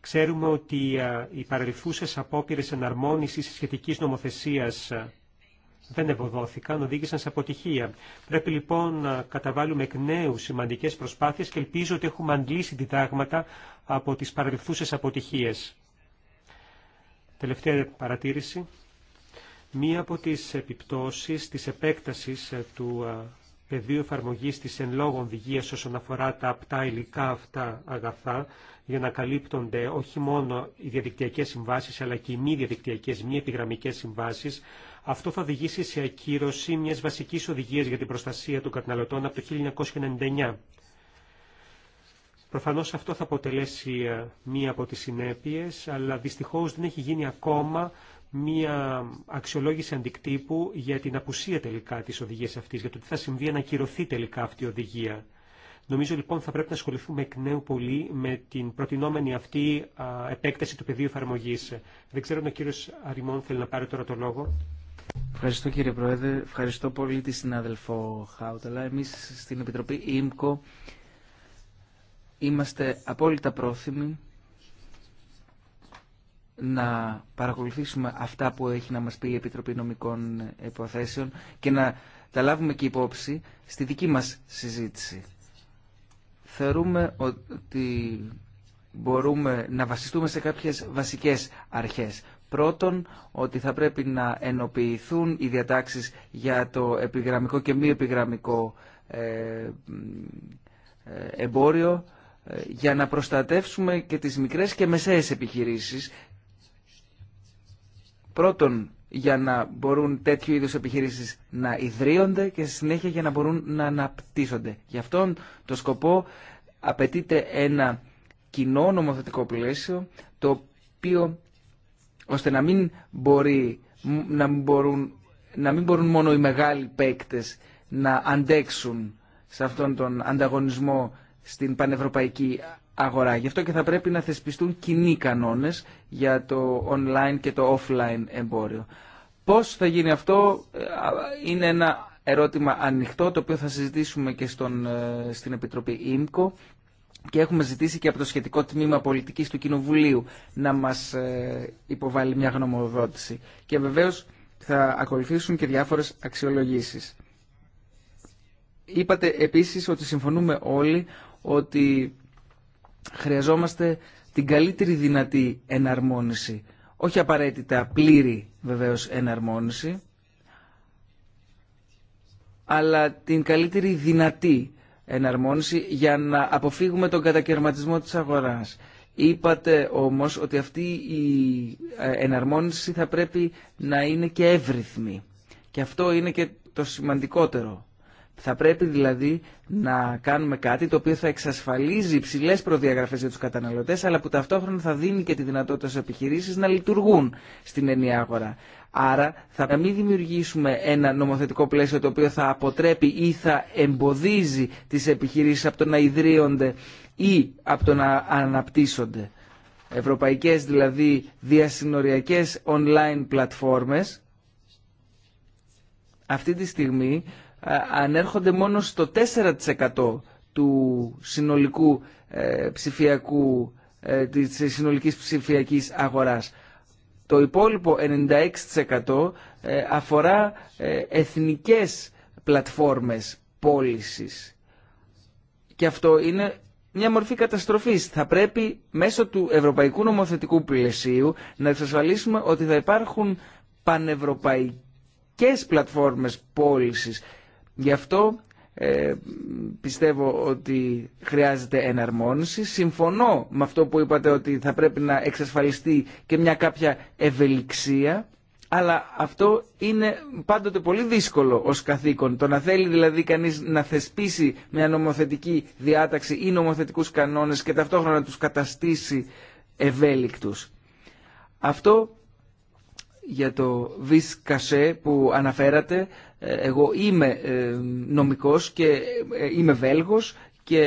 Ξέρουμε ότι ε, οι παρελθούσες απόπειρες εναρμόνισης σχετική νομοθεσία δεν ευωδόθηκαν, οδήγησαν σε αποτυχία. Πρέπει λοιπόν να καταβάλουμε εκ νέου σημαντικές προσπάθειες και ελπίζω ότι έχουμε αντλήσει διδάγματα από τις παρελθούσες αποτυχίες. Τελευταία παρατήρηση. Μία από τις επιπτώσεις της επέκτασης ε, του ε, πεδίου εφαρμογή της εν λόγω οδηγία όσον αφορά τα απτά υλικά αυτά αγαθά, για να καλύπτονται όχι μόνο οι διαδικτυακές συμβάσεις, αλλά και οι μη διαδικτυακές, μη επιγραμμικές συμβάσεις, αυτό θα οδηγήσει σε ακύρωση μια βασική οδηγία για την προστασία των καταναλωτών από το 1999. Προφανώς αυτό θα αποτελέσει ε, μία από τις συνέπειες, αλλά δυστυχώς δεν έχει γίνει ακόμα μία αξιολόγηση αντικτύπου για την απουσία τελικά της οδηγίας αυτής, για το τι θα συμβεί να ακυρωθεί τελικά αυτή η οδηγία. Νομίζω λοιπόν θα πρέπει να ασχοληθούμε εκ νέου πολύ με την προτινόμενη αυτή επέκταση του πεδίου εφαρμογή. Δεν ξέρω αν ο κύριο Αρημών θέλει να πάρει τώρα το λόγο. Ευχαριστώ κύριε Πρόεδρε, ευχαριστώ πολύ τη συνάδελφο Χάουταλα. Εμείς στην Επιτροπή ΙΜΚΟ είμαστε απόλυτα πρόθυμοι να παρακολουθήσουμε αυτά που έχει να μας πει η Επιτροπή Νομικών Υποθέσεων και να τα λάβουμε και υπόψη στη δική μας συζήτηση. Θεωρούμε ότι μπορούμε να βασιστούμε σε κάποιες βασικές αρχές Πρώτον, ότι θα πρέπει να ενοποιηθούν οι διατάξεις για το επιγραμμικό και μη επιγραμμικό ε, ε, εμπόριο ε, για να προστατεύσουμε και τις μικρές και μεσαίες επιχειρήσεις. Πρώτον, για να μπορούν τέτοιου είδους επιχειρήσεις να ιδρύονται και στη συνέχεια για να μπορούν να αναπτύσσονται. Γι' αυτόν το σκοπό απαιτείται ένα κοινό νομοθετικό πλαίσιο το οποίο ώστε να μην, μπορεί, να μπορούν, να μην μπορούν μόνο οι μεγάλοι παίκτες να αντέξουν σε αυτόν τον ανταγωνισμό στην πανευρωπαϊκή αγορά. Γι' αυτό και θα πρέπει να θεσπιστούν κοινοί κανόνες για το online και το offline εμπόριο. Πώς θα γίνει αυτό ε, είναι ένα ερώτημα ανοιχτό το οποίο θα συζητήσουμε και στον, ε, στην Επιτροπή ΙΜΚΟ και έχουμε ζητήσει και από το σχετικό τμήμα πολιτικής του Κοινοβουλίου να μας ε, υποβάλει μια γνωμοδότηση. Και βεβαίως θα ακολουθήσουν και διάφορες αξιολογήσεις. Είπατε επίσης ότι συμφωνούμε όλοι ότι χρειαζόμαστε την καλύτερη δυνατή εναρμόνιση. Όχι απαραίτητα πλήρη βεβαίως εναρμόνιση, αλλά την καλύτερη δυνατή εναρμόνιση για να αποφύγουμε τον κατακαιρματισμό της αγοράς. Είπατε όμως ότι αυτή η ε, εναρμόνιση θα πρέπει να είναι και εύρυθμη. Και αυτό είναι και το σημαντικότερο θα πρέπει δηλαδή να κάνουμε κάτι το οποίο θα εξασφαλίζει υψηλέ προδιαγραφέ για του καταναλωτέ, αλλά που ταυτόχρονα θα δίνει και τη δυνατότητα στι επιχειρήσει να λειτουργούν στην ενιαία αγορά. Άρα θα μην δημιουργήσουμε ένα νομοθετικό πλαίσιο το οποίο θα αποτρέπει ή θα εμποδίζει τι επιχειρήσει από το να ιδρύονται ή από το να αναπτύσσονται. ευρωπαϊκέ δηλαδή διασυνοριακές online πλατφόρμες αυτή τη στιγμή ε, ανέρχονται μόνο στο 4% του συνολικού ε, ψηφιακού, ε, της συνολικής ψηφιακής αγοράς. Το υπόλοιπο 96% αφορά εθνικές πλατφόρμες πώλησης. Και αυτό είναι μια μορφή καταστροφής. Θα πρέπει μέσω του ευρωπαϊκού νομοθετικού πλαισίου να εξασφαλίσουμε ότι θα υπάρχουν πανευρωπαϊκές πλατφόρμες πώλησης Γι' αυτό ε, πιστεύω ότι χρειάζεται εναρμόνιση. Συμφωνώ με αυτό που είπατε ότι θα πρέπει να εξασφαλιστεί και μια κάποια ευελιξία. Αλλά αυτό είναι πάντοτε πολύ δύσκολο ως καθήκον. Το να θέλει δηλαδή κανείς να θεσπίσει μια νομοθετική διάταξη ή νομοθετικούς κανόνες και ταυτόχρονα να τους καταστήσει ευέλικτους. Αυτό για το βίσκασε που αναφέρατε εγώ είμαι ε, νομικός και ε, είμαι Βέλγος και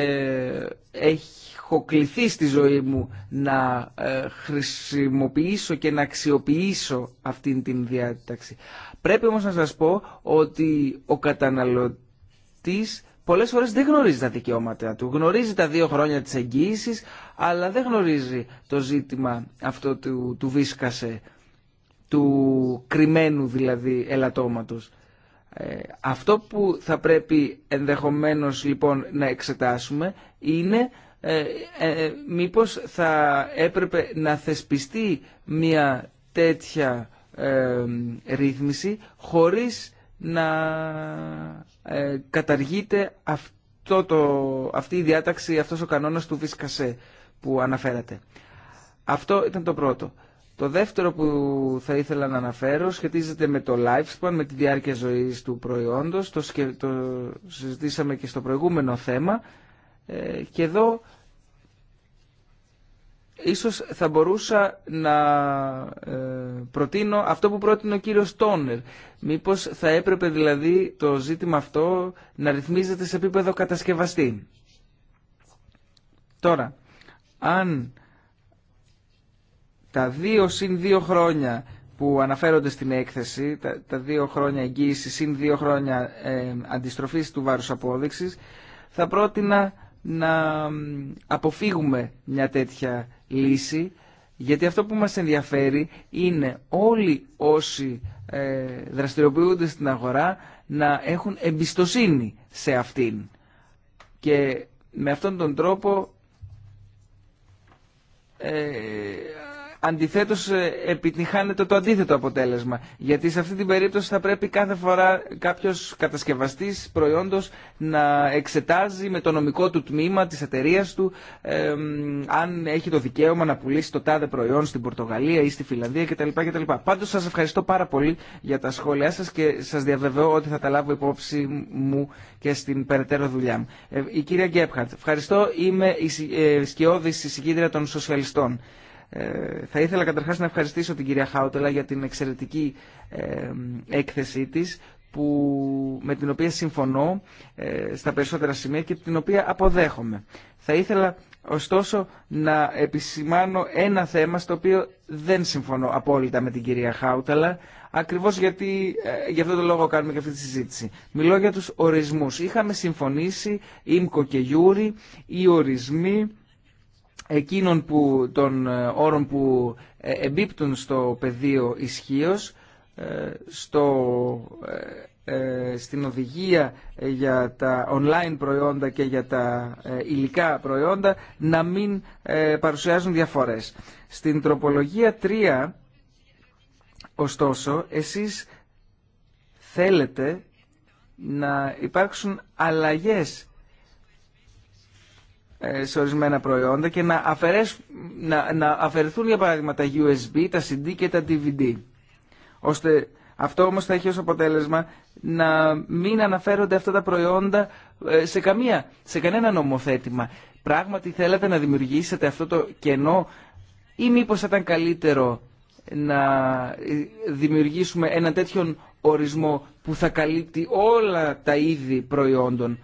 έχω κληθεί στη ζωή μου να ε, χρησιμοποιήσω και να αξιοποιήσω αυτήν την διάταξη. Πρέπει όμως να σας πω ότι ο καταναλωτής πολλές φορές δεν γνωρίζει τα δικαιώματα του. Γνωρίζει τα δύο χρόνια της εγγύησης, αλλά δεν γνωρίζει το ζήτημα αυτό του, του βίσκασε, του κρυμμένου δηλαδή ελαττώματος. Ε, αυτό που θα πρέπει ενδεχομένως λοιπόν να εξετάσουμε είναι ε, ε, ε, μήπως θα έπρεπε να θεσπιστεί μια τέτοια ε, ρύθμιση χωρίς να καταργείται αυτό το, αυτή η διάταξη, αυτός ο κανόνας του Βίσκασε που αναφέρατε. Αυτό ήταν το πρώτο. Το δεύτερο που θα ήθελα να αναφέρω σχετίζεται με το lifespan, με τη διάρκεια ζωής του προϊόντος. Το, συζητήσαμε και στο προηγούμενο θέμα. Ε, και εδώ ίσως θα μπορούσα να ε, προτείνω αυτό που πρότεινε ο κύριος Τόνερ. Μήπως θα έπρεπε δηλαδή το ζήτημα αυτό να ρυθμίζεται σε επίπεδο κατασκευαστή. Τώρα, αν τα δύο συν δύο χρόνια που αναφέρονται στην έκθεση, τα, δύο χρόνια εγγύηση συν δύο χρόνια ε, αντιστροφής του βάρους απόδειξης, θα πρότεινα να αποφύγουμε μια τέτοια λύση, γιατί αυτό που μας ενδιαφέρει είναι όλοι όσοι ε, δραστηριοποιούνται στην αγορά να έχουν εμπιστοσύνη σε αυτήν. Και με αυτόν τον τρόπο ε, Αντιθέτω, ε, επιτυχάνεται το αντίθετο αποτέλεσμα. Γιατί σε αυτή την περίπτωση θα πρέπει κάθε φορά κάποιο κατασκευαστή προϊόντο να εξετάζει με το νομικό του τμήμα τη εταιρεία του αν έχει το δικαίωμα να πουλήσει το τάδε προϊόν στην Πορτογαλία ή στη Φιλανδία κτλ. κτλ. Πάντως σας ευχαριστώ πάρα πολύ για τα σχόλιά σα και σα διαβεβαιώ ότι θα τα λάβω υπόψη μου και στην περαιτέρω δουλειά μου. Ε, η κυρία Γκέπχαρτ, ευχαριστώ. Είμαι η ε, σκιώδη συγκίτρια των σοσιαλιστών. Ε, θα ήθελα καταρχάς να ευχαριστήσω την κυρία Χάουτελα για την εξαιρετική ε, έκθεσή της που, με την οποία συμφωνώ ε, στα περισσότερα σημεία και την οποία αποδέχομαι. Θα ήθελα ωστόσο να επισημάνω ένα θέμα στο οποίο δεν συμφωνώ απόλυτα με την κυρία Χάουτελα ακριβώς γιατί γι' αυτό το λόγο κάνουμε και αυτή τη συζήτηση. Μιλώ για τους ορισμούς. Είχαμε συμφωνήσει, Ίμκο και Γιούρι, οι ορισμοί εκείνων που, των ε, όρων που ε, εμπίπτουν στο πεδίο ισχύω, ε, στο στην οδηγία για τα online προϊόντα και για τα υλικά προϊόντα να μην παρουσιάζουν διαφορές. Στην τροπολογία 3, ωστόσο, εσείς θέλετε να υπάρξουν αλλαγές ε, σε ορισμένα προϊόντα και να, αφαιρέσουν, να, να αφαιρεθούν για παράδειγμα τα USB, τα CD και τα DVD. Ώστε αυτό όμως θα έχει ως αποτέλεσμα να μην αναφέρονται αυτά τα προϊόντα ε, σε, καμία, σε κανένα νομοθέτημα. Πράγματι θέλατε να δημιουργήσετε αυτό το κενό ή μήπως θα ήταν καλύτερο να ε, δημιουργήσουμε ένα τέτοιον ορισμό που θα καλύπτει όλα τα είδη προϊόντων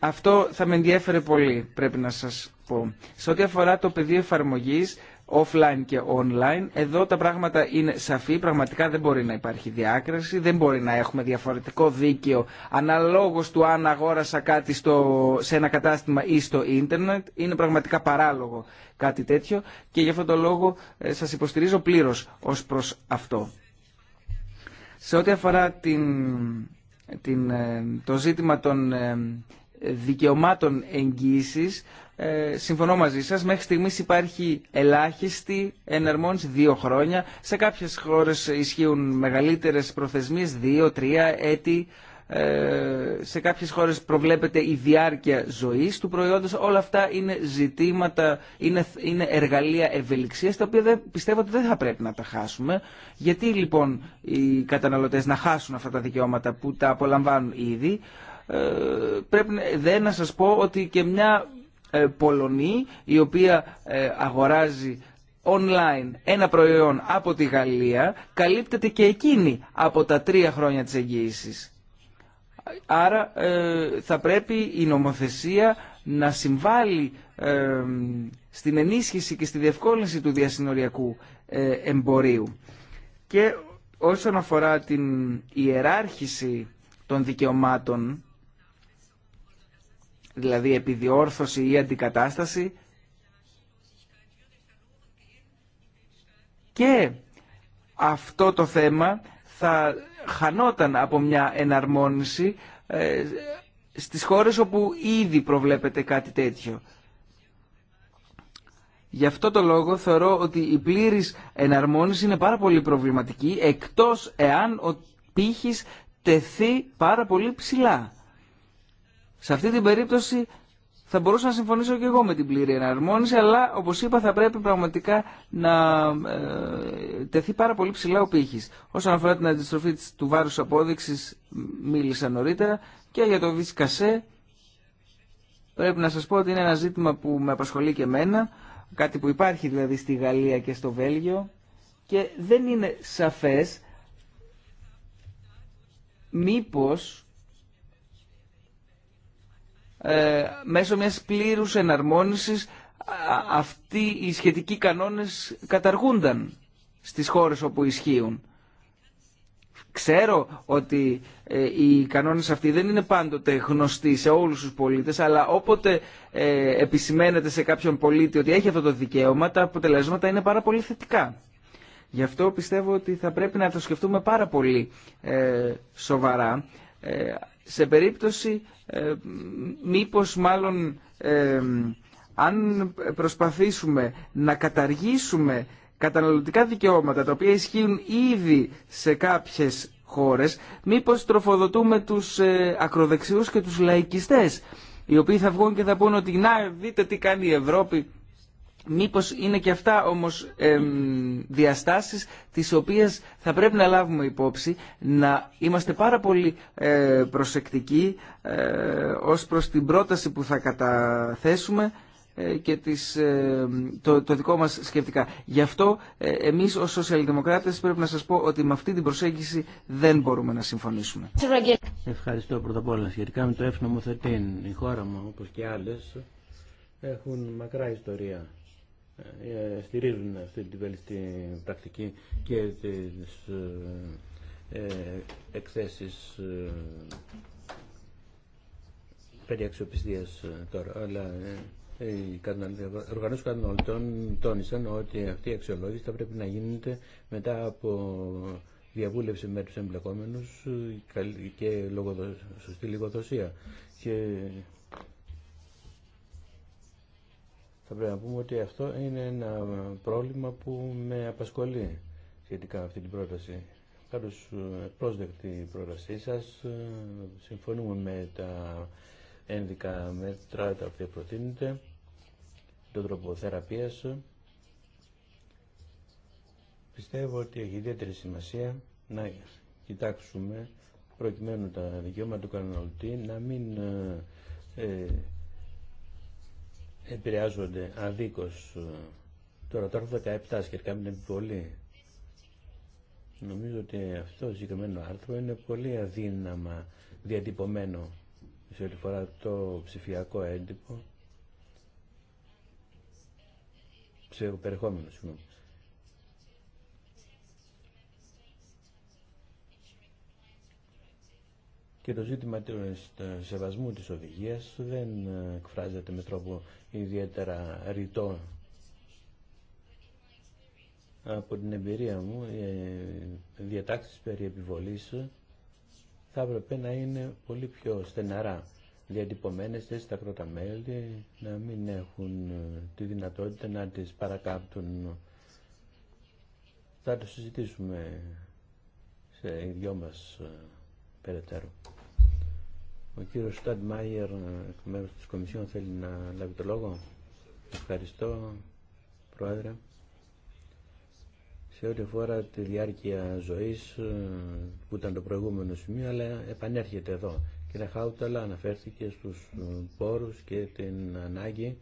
Αυτό θα με ενδιέφερε πολύ, πρέπει να σας πω. Σε ό,τι αφορά το πεδίο εφαρμογής, offline και online, εδώ τα πράγματα είναι σαφή, πραγματικά δεν μπορεί να υπάρχει διάκραση, δεν μπορεί να έχουμε διαφορετικό δίκαιο αναλόγως του αν αγόρασα κάτι στο, σε ένα κατάστημα ή στο ίντερνετ, είναι πραγματικά παράλογο κάτι τέτοιο και γι' αυτόν τον λόγο ε, σας υποστηρίζω πλήρως ως προς αυτό. Σε ό,τι αφορά την, ε, το ζήτημα των ε, δικαιωμάτων εγγύησης ε, συμφωνώ μαζί σας, μέχρι στιγμής υπάρχει ελάχιστη εναρμόνιση δύο χρόνια. Σε κάποιες χώρες ισχύουν μεγαλύτερες προθεσμίες, δύο, τρία έτη. Ε, σε κάποιες χώρες προβλέπεται η διάρκεια ζωής του προϊόντος. Όλα αυτά είναι ζητήματα, είναι, είναι εργαλεία ευελιξίας, τα οποία δεν, πιστεύω ότι δεν θα πρέπει να τα χάσουμε. Γιατί λοιπόν οι καταναλωτές να χάσουν αυτά τα δικαιώματα που τα απολαμβάνουν ήδη. Ε, πρέπει δεν να σας πω ότι και μια ε, Πολωνή η οποία ε, αγοράζει online ένα προϊόν από τη Γαλλία καλύπτεται και εκείνη από τα τρία χρόνια της εγγύησης. Άρα θα πρέπει η νομοθεσία να συμβάλλει στην ενίσχυση και στη διευκόλυνση του διασυνοριακού εμπορίου. Και όσον αφορά την ιεράρχηση των δικαιωμάτων δηλαδή επιδιόρθωση ή αντικατάσταση και αυτό το θέμα θα χανόταν από μια εναρμόνιση ε, στις χώρες όπου ήδη προβλέπεται κάτι τέτοιο. Γι' αυτό το λόγο θεωρώ ότι η πλήρης εναρμόνιση είναι πάρα πολύ προβληματική εκτός εάν ο πύχης τεθεί πάρα πολύ ψηλά. Σε αυτή την περίπτωση θα μπορούσα να συμφωνήσω και εγώ με την πλήρη εναρμόνιση, αλλά όπως είπα θα πρέπει πραγματικά να ε, τεθεί πάρα πολύ ψηλά ο πύχης. Όσον αφορά την αντιστροφή του βάρους απόδειξης μίλησα νωρίτερα και για το Βισκασέ πρέπει να σας πω ότι είναι ένα ζήτημα που με απασχολεί και εμένα, κάτι που υπάρχει δηλαδή στη Γαλλία και στο Βέλγιο και δεν είναι σαφές μήπως ε, μέσω μιας πλήρους εναρμόνισης αυτοί οι σχετικοί κανόνες καταργούνταν στις χώρες όπου ισχύουν. Ξέρω ότι ε, οι κανόνες αυτοί δεν είναι πάντοτε γνωστοί σε όλους τους πολίτες, αλλά όποτε ε, επισημαίνεται σε κάποιον πολίτη ότι έχει αυτό το δικαίωμα, τα αποτελέσματα είναι πάρα πολύ θετικά. Γι' αυτό πιστεύω ότι θα πρέπει να το σκεφτούμε πάρα πολύ σοβαρά σε περίπτωση ε, μήπως μάλλον ε, αν προσπαθήσουμε να καταργήσουμε καταναλωτικά δικαιώματα τα οποία ισχύουν ήδη σε κάποιες χώρες, μήπως τροφοδοτούμε τους ε, ακροδεξιούς και τους λαϊκιστές οι οποίοι θα βγουν και θα πούν ότι να δείτε τι κάνει η Ευρώπη Μήπως είναι και αυτά όμως εμ, διαστάσεις τις οποίες θα πρέπει να λάβουμε υπόψη, να είμαστε πάρα πολύ ε, προσεκτικοί ε, ως προς την πρόταση που θα καταθέσουμε ε, και τις, ε, το, το δικό μας σκεπτικά. Γι' αυτό εμείς ως σοσιαλδημοκράτες πρέπει να σας πω ότι με αυτή την προσέγγιση δεν μπορούμε να συμφωνήσουμε. Ευχαριστώ πρώτα απ' όλα. Σχετικά με το η χώρα μου όπως και άλλες έχουν μακρά ιστορία ε, στηρίζουν αυτή την πρακτική και τις ε, εκθέσεις ε, περί αξιοπιστίας τώρα, αλλά οι οργανώσεις καταναλωτών τόνισαν ότι αυτή η αξιολόγηση θα πρέπει να γίνεται μετά από διαβούλευση με τους εμπλεκόμενους και σωστή λογοδοσία. Και θα πρέπει να πούμε ότι αυτό είναι ένα πρόβλημα που με απασχολεί σχετικά με αυτή την πρόταση. Κάτω πρόσδεκτη η πρότασή σας, συμφωνούμε με τα ένδικα μέτρα τα οποία προτείνετε, τον τρόπο θεραπείας. Πιστεύω ότι έχει ιδιαίτερη σημασία να κοιτάξουμε προκειμένου τα δικαιώματα του καταναλωτή να μην ε, επηρεάζονται αδίκως. Τώρα το άρθρο 17 σχετικά με την Νομίζω ότι αυτό το συγκεκριμένο άρθρο είναι πολύ αδύναμα διατυπωμένο σε ό,τι φορά το ψηφιακό έντυπο. Ψηφιακό περιεχόμενο, συγγνώμη. και το ζήτημα του σεβασμού της οδηγίας δεν ε, εκφράζεται με τρόπο ιδιαίτερα ρητό. Από την εμπειρία μου, ε, οι διατάξεις περί επιβολής θα έπρεπε να είναι πολύ πιο στεναρά διατυπωμένες τέσσερα στα πρώτα μέλη να μην έχουν ε, τη δυνατότητα να τις παρακάπτουν. Θα το συζητήσουμε σε δυο μας περαιτέρω. Ο κύριος Στάντ Μάιερ, εκ μέρους της Κομισιόν, θέλει να λάβει το λόγο. Ευχαριστώ, Πρόεδρε. Σε ό,τι αφορά τη διάρκεια ζωής, που ήταν το προηγούμενο σημείο, αλλά επανέρχεται εδώ. Κύριε Χάουταλα αναφέρθηκε στους πόρους και την ανάγκη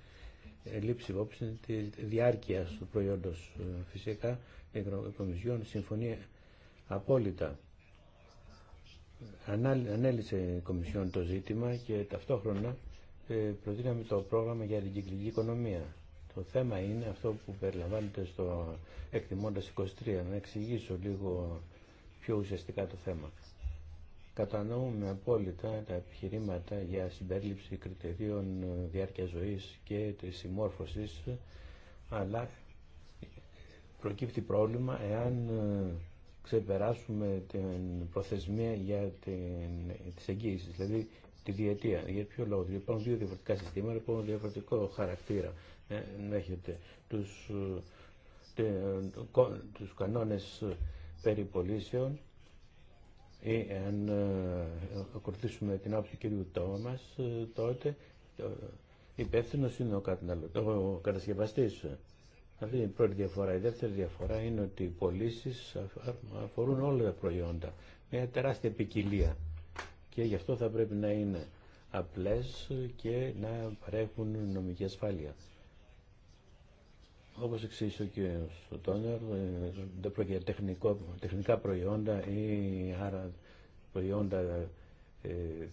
ε, λήψη υπόψη τη διάρκεια του προϊόντος. Ε, φυσικά, η Κομισιόν συμφωνεί απόλυτα ανέλησε η Κομισιόν το ζήτημα και ταυτόχρονα ε, προτείναμε το πρόγραμμα για την κυκλική οικονομία. Το θέμα είναι αυτό που περιλαμβάνεται στο εκτιμώντας 23. Να εξηγήσω λίγο πιο ουσιαστικά το θέμα. Κατανοούμε απόλυτα τα επιχειρήματα για συμπέρληψη κριτηρίων ε, διάρκεια ζωής και της συμμόρφωσης, αλλά ε, προκύπτει πρόβλημα εάν ξεπεράσουμε την προθεσμία για την, τις εγγύησεις, δηλαδή τη διετία. Για ποιο λόγο, υπάρχουν δύο διαφορετικά συστήματα που λοιπόν, διαφορετικό χαρακτήρα. Ε, έχετε τους, ε, τε, ε, τους κανόνες ή αν ε, ακολουθήσουμε την άποψη του κ. μας, τότε υπεύθυνο είναι ο, καταναλω... ο κατασκευαστής. Αυτή είναι η πρώτη διαφορά. Η δεύτερη διαφορά είναι ότι οι πωλήσει αφορούν όλα τα προϊόντα. Μια τεράστια ποικιλία. Και γι' αυτό θα πρέπει να είναι απλές και να παρέχουν νομική ασφάλεια. Όπως εξήγησε και στο Τόνερ, δεν πρόκειται για τεχνικά προϊόντα ή άρα προϊόντα ε,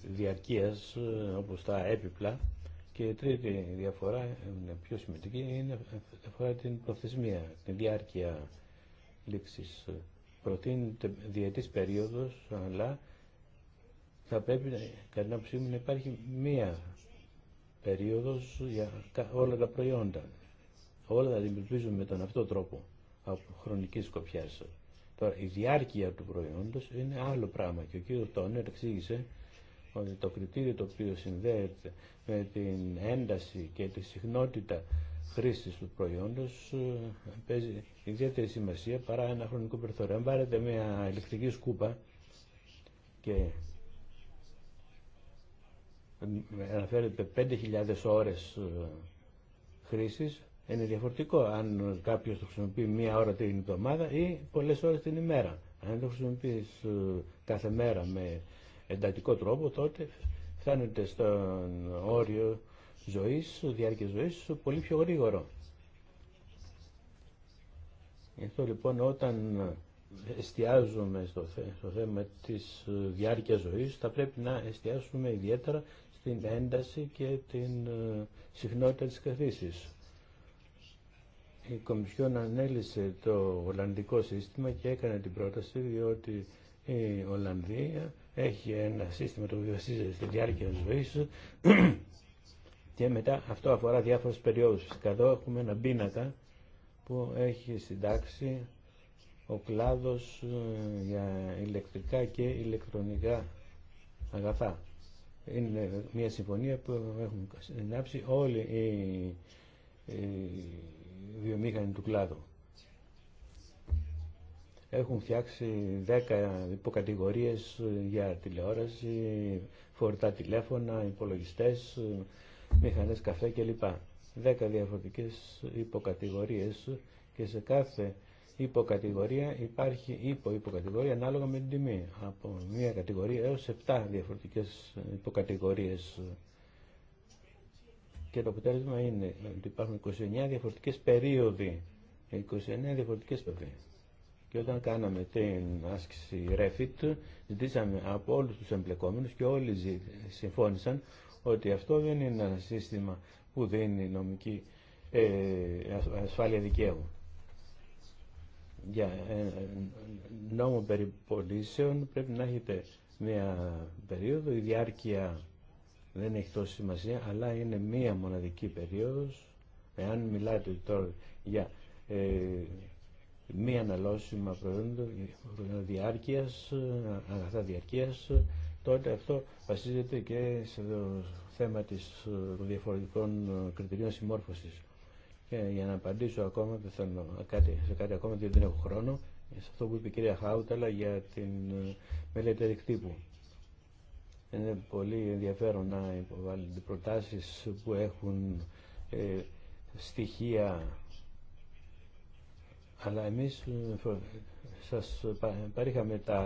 διαρκείας ε, όπως τα έπιπλα και η τρίτη διαφορά, ε, ε, πιο σημαντική, είναι ε, αφορά την προθεσμία, τη διάρκεια λήξης. Προτείνεται διετής περίοδος, αλλά θα πρέπει, κατά την άποψή μου, να υπάρχει μία περίοδος για όλα τα προϊόντα. Όλα τα αντιμετωπίζουμε με τον αυτό τρόπο, από χρονική σκοπιά. Τώρα, η διάρκεια του προϊόντος είναι άλλο πράγμα και ο κύριος Τόνερ εξήγησε ότι το κριτήριο το οποίο συνδέεται με την ένταση και τη συχνότητα χρήσης του προϊόντος ε, παίζει ιδιαίτερη σημασία παρά ένα χρονικό περιθώριο. Αν πάρετε μια ηλεκτρική σκούπα και αναφέρετε 5.000 ώρες ε, χρήσης, είναι διαφορετικό αν κάποιος το χρησιμοποιεί μία ώρα την εβδομάδα ή πολλές ώρες την ημέρα. Αν το χρησιμοποιείς ε, κάθε μέρα με εντατικό τρόπο, τότε φτάνεται στον όριο ζωής, διάρκεια ζωής πολύ πιο γρήγορο. Εδώ αυτό λοιπόν όταν εστιάζουμε στο, θέμα της διάρκειας ζωής θα πρέπει να εστιάσουμε ιδιαίτερα στην ένταση και την ε, συχνότητα της καθίσης. Η Κομισιόν ανέλησε το Ολλανδικό σύστημα και έκανε την πρόταση διότι η Ολλανδία έχει ένα σύστημα το οποίο βασίζεται στη διάρκεια της ζωής και μετά αυτό αφορά διάφορες περιόδους. Φυσικά εδώ έχουμε ένα πίνακα που έχει συντάξει ο κλάδος ε, για ηλεκτρικά και ηλεκτρονικά αγαθά. Είναι μια συμφωνία που έχουν συνάψει όλοι οι βιομήχανοι του κλάδου έχουν φτιάξει 10 υποκατηγορίες για τηλεόραση, φορτά τηλέφωνα, υπολογιστές, μηχανές καφέ κλπ. 10 διαφορετικές υποκατηγορίες και σε κάθε υποκατηγορία υπάρχει υπο-υποκατηγορία ανάλογα με την τιμή. Από μία κατηγορία έως 7 διαφορετικές υποκατηγορίες και το αποτέλεσμα είναι ότι υπάρχουν 29 διαφορετικές περίοδοι. 29 διαφορετικές περίοδοι. Και όταν κάναμε την άσκηση REFIT, ζητήσαμε από όλους τους εμπλεκόμενους και όλοι συμφώνησαν ότι αυτό δεν είναι ένα σύστημα που δίνει νομική ε, ασφάλεια δικαίου. Για ε, νόμο περιπολίσεων πρέπει να έχετε μία περίοδο, η διάρκεια δεν έχει τόση σημασία, αλλά είναι μία μοναδική περίοδος. Εάν μιλάτε τώρα για ε, μη αναλώσιμα προϊόντα διάρκειας, αγαθά διαρκείας, τότε αυτό βασίζεται και σε το θέμα της, των διαφορετικών κριτηρίων συμμόρφωσης. Και για να απαντήσω ακόμα, δεν θέλω, κάτι, σε κάτι ακόμα, δεν έχω χρόνο, σε αυτό που είπε η κυρία Χάουταλα για την μελέτη δικτύπου. Είναι πολύ ενδιαφέρον να υποβάλλονται προτάσεις που έχουν ε, στοιχεία αλλά εμείς ε, σας παρήχαμε τα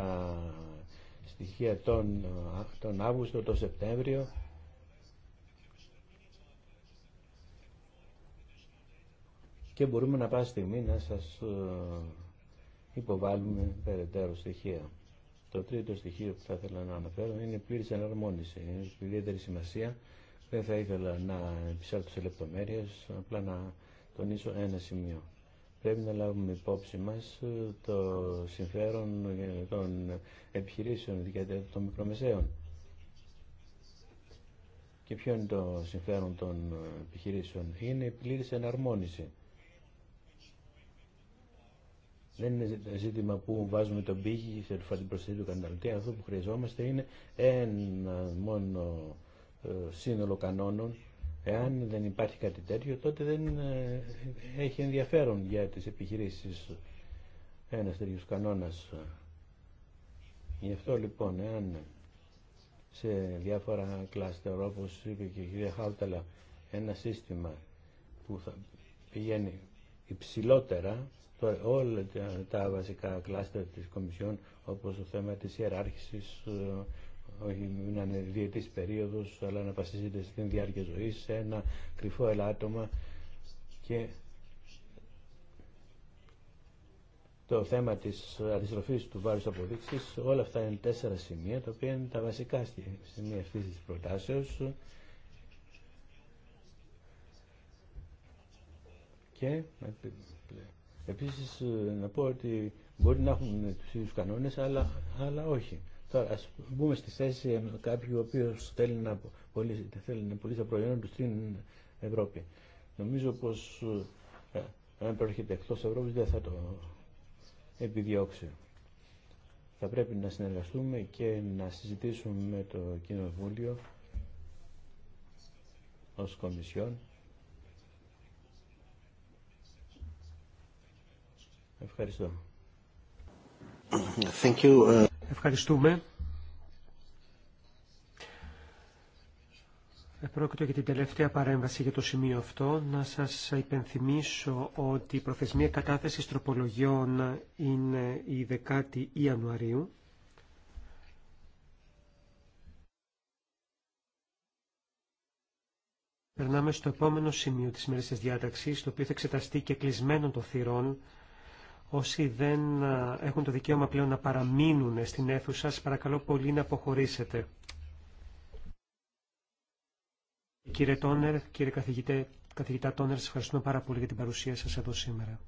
στοιχεία τον, ε, τον Αύγουστο, τον Σεπτέμβριο και μπορούμε να πάει στιγμή να σας ε, υποβάλουμε περαιτέρω στοιχεία. Το τρίτο στοιχείο που θα ήθελα να αναφέρω είναι η πλήρης εναρμόνιση. Είναι ιδιαίτερη σημασία. Δεν θα ήθελα να επισέλθω σε λεπτομέρειες, απλά να τονίσω ένα σημείο πρέπει να λάβουμε υπόψη μας ε, το συμφέρον των επιχειρήσεων, ιδιαίτερα των μικρομεσαίων. Και ποιο είναι το συμφέρον των επιχειρήσεων. Είναι η πλήρης εναρμόνιση. Δεν είναι ζήτημα που βάζουμε τον πύχη σε ρουφά την προσθέτει του καταναλωτή. Αυτό που χρειαζόμαστε είναι ένα μόνο ε, σύνολο κανόνων Εάν δεν υπάρχει κάτι τέτοιο, τότε δεν ε, έχει ενδιαφέρον για τις επιχειρήσεις ένας τέτοιος κανόνας. Γι' αυτό λοιπόν, εάν σε διάφορα κλάστερ, όπως είπε και η κυρία Χάουταλα, ένα σύστημα που θα πηγαίνει υψηλότερα, τώρα όλα τα βασικά κλάστερ της Κομισιόν, όπως το θέμα της ιεράρχησης, ε, όχι να είναι διετή περίοδο αλλά να βασίζεται στην διάρκεια ζωή σε ένα κρυφό ελάττωμα και το θέμα της αντιστροφή του βάρους αποδείξης, όλα αυτά είναι τέσσερα σημεία, τα οποία είναι τα βασικά σημεία αυτή της προτάσεως και επίσης να πω ότι μπορεί να έχουν τους ίδιους κανόνες, αλλά, αλλά όχι. Τώρα ας μπούμε στη θέση ε, κάποιου ο οποίος θέλει να πωλήσει, να τα προϊόντα του στην Ευρώπη. Νομίζω πως ε, αν προέρχεται εκτό Ευρώπη δεν θα το επιδιώξει. Θα πρέπει να συνεργαστούμε και να συζητήσουμε με το Κοινοβούλιο ως Κομισιόν. Ευχαριστώ. Thank you. Uh, Ευχαριστούμε. Επρόκειτο για την τελευταία παρέμβαση για το σημείο αυτό. Να σας υπενθυμίσω ότι η προθεσμία κατάθεσης τροπολογιών είναι η 10η Ιανουαρίου. Περνάμε στο επόμενο σημείο της μέρας της διάταξης, το οποίο θα εξεταστεί και κλεισμένο των θυρών Όσοι δεν έχουν το δικαίωμα πλέον να παραμείνουν στην αίθουσα, σας παρακαλώ πολύ να αποχωρήσετε. Κύριε Τόνερ, κύριε καθηγητά Τόνερ, σας ευχαριστούμε πάρα πολύ για την παρουσία σας εδώ σήμερα.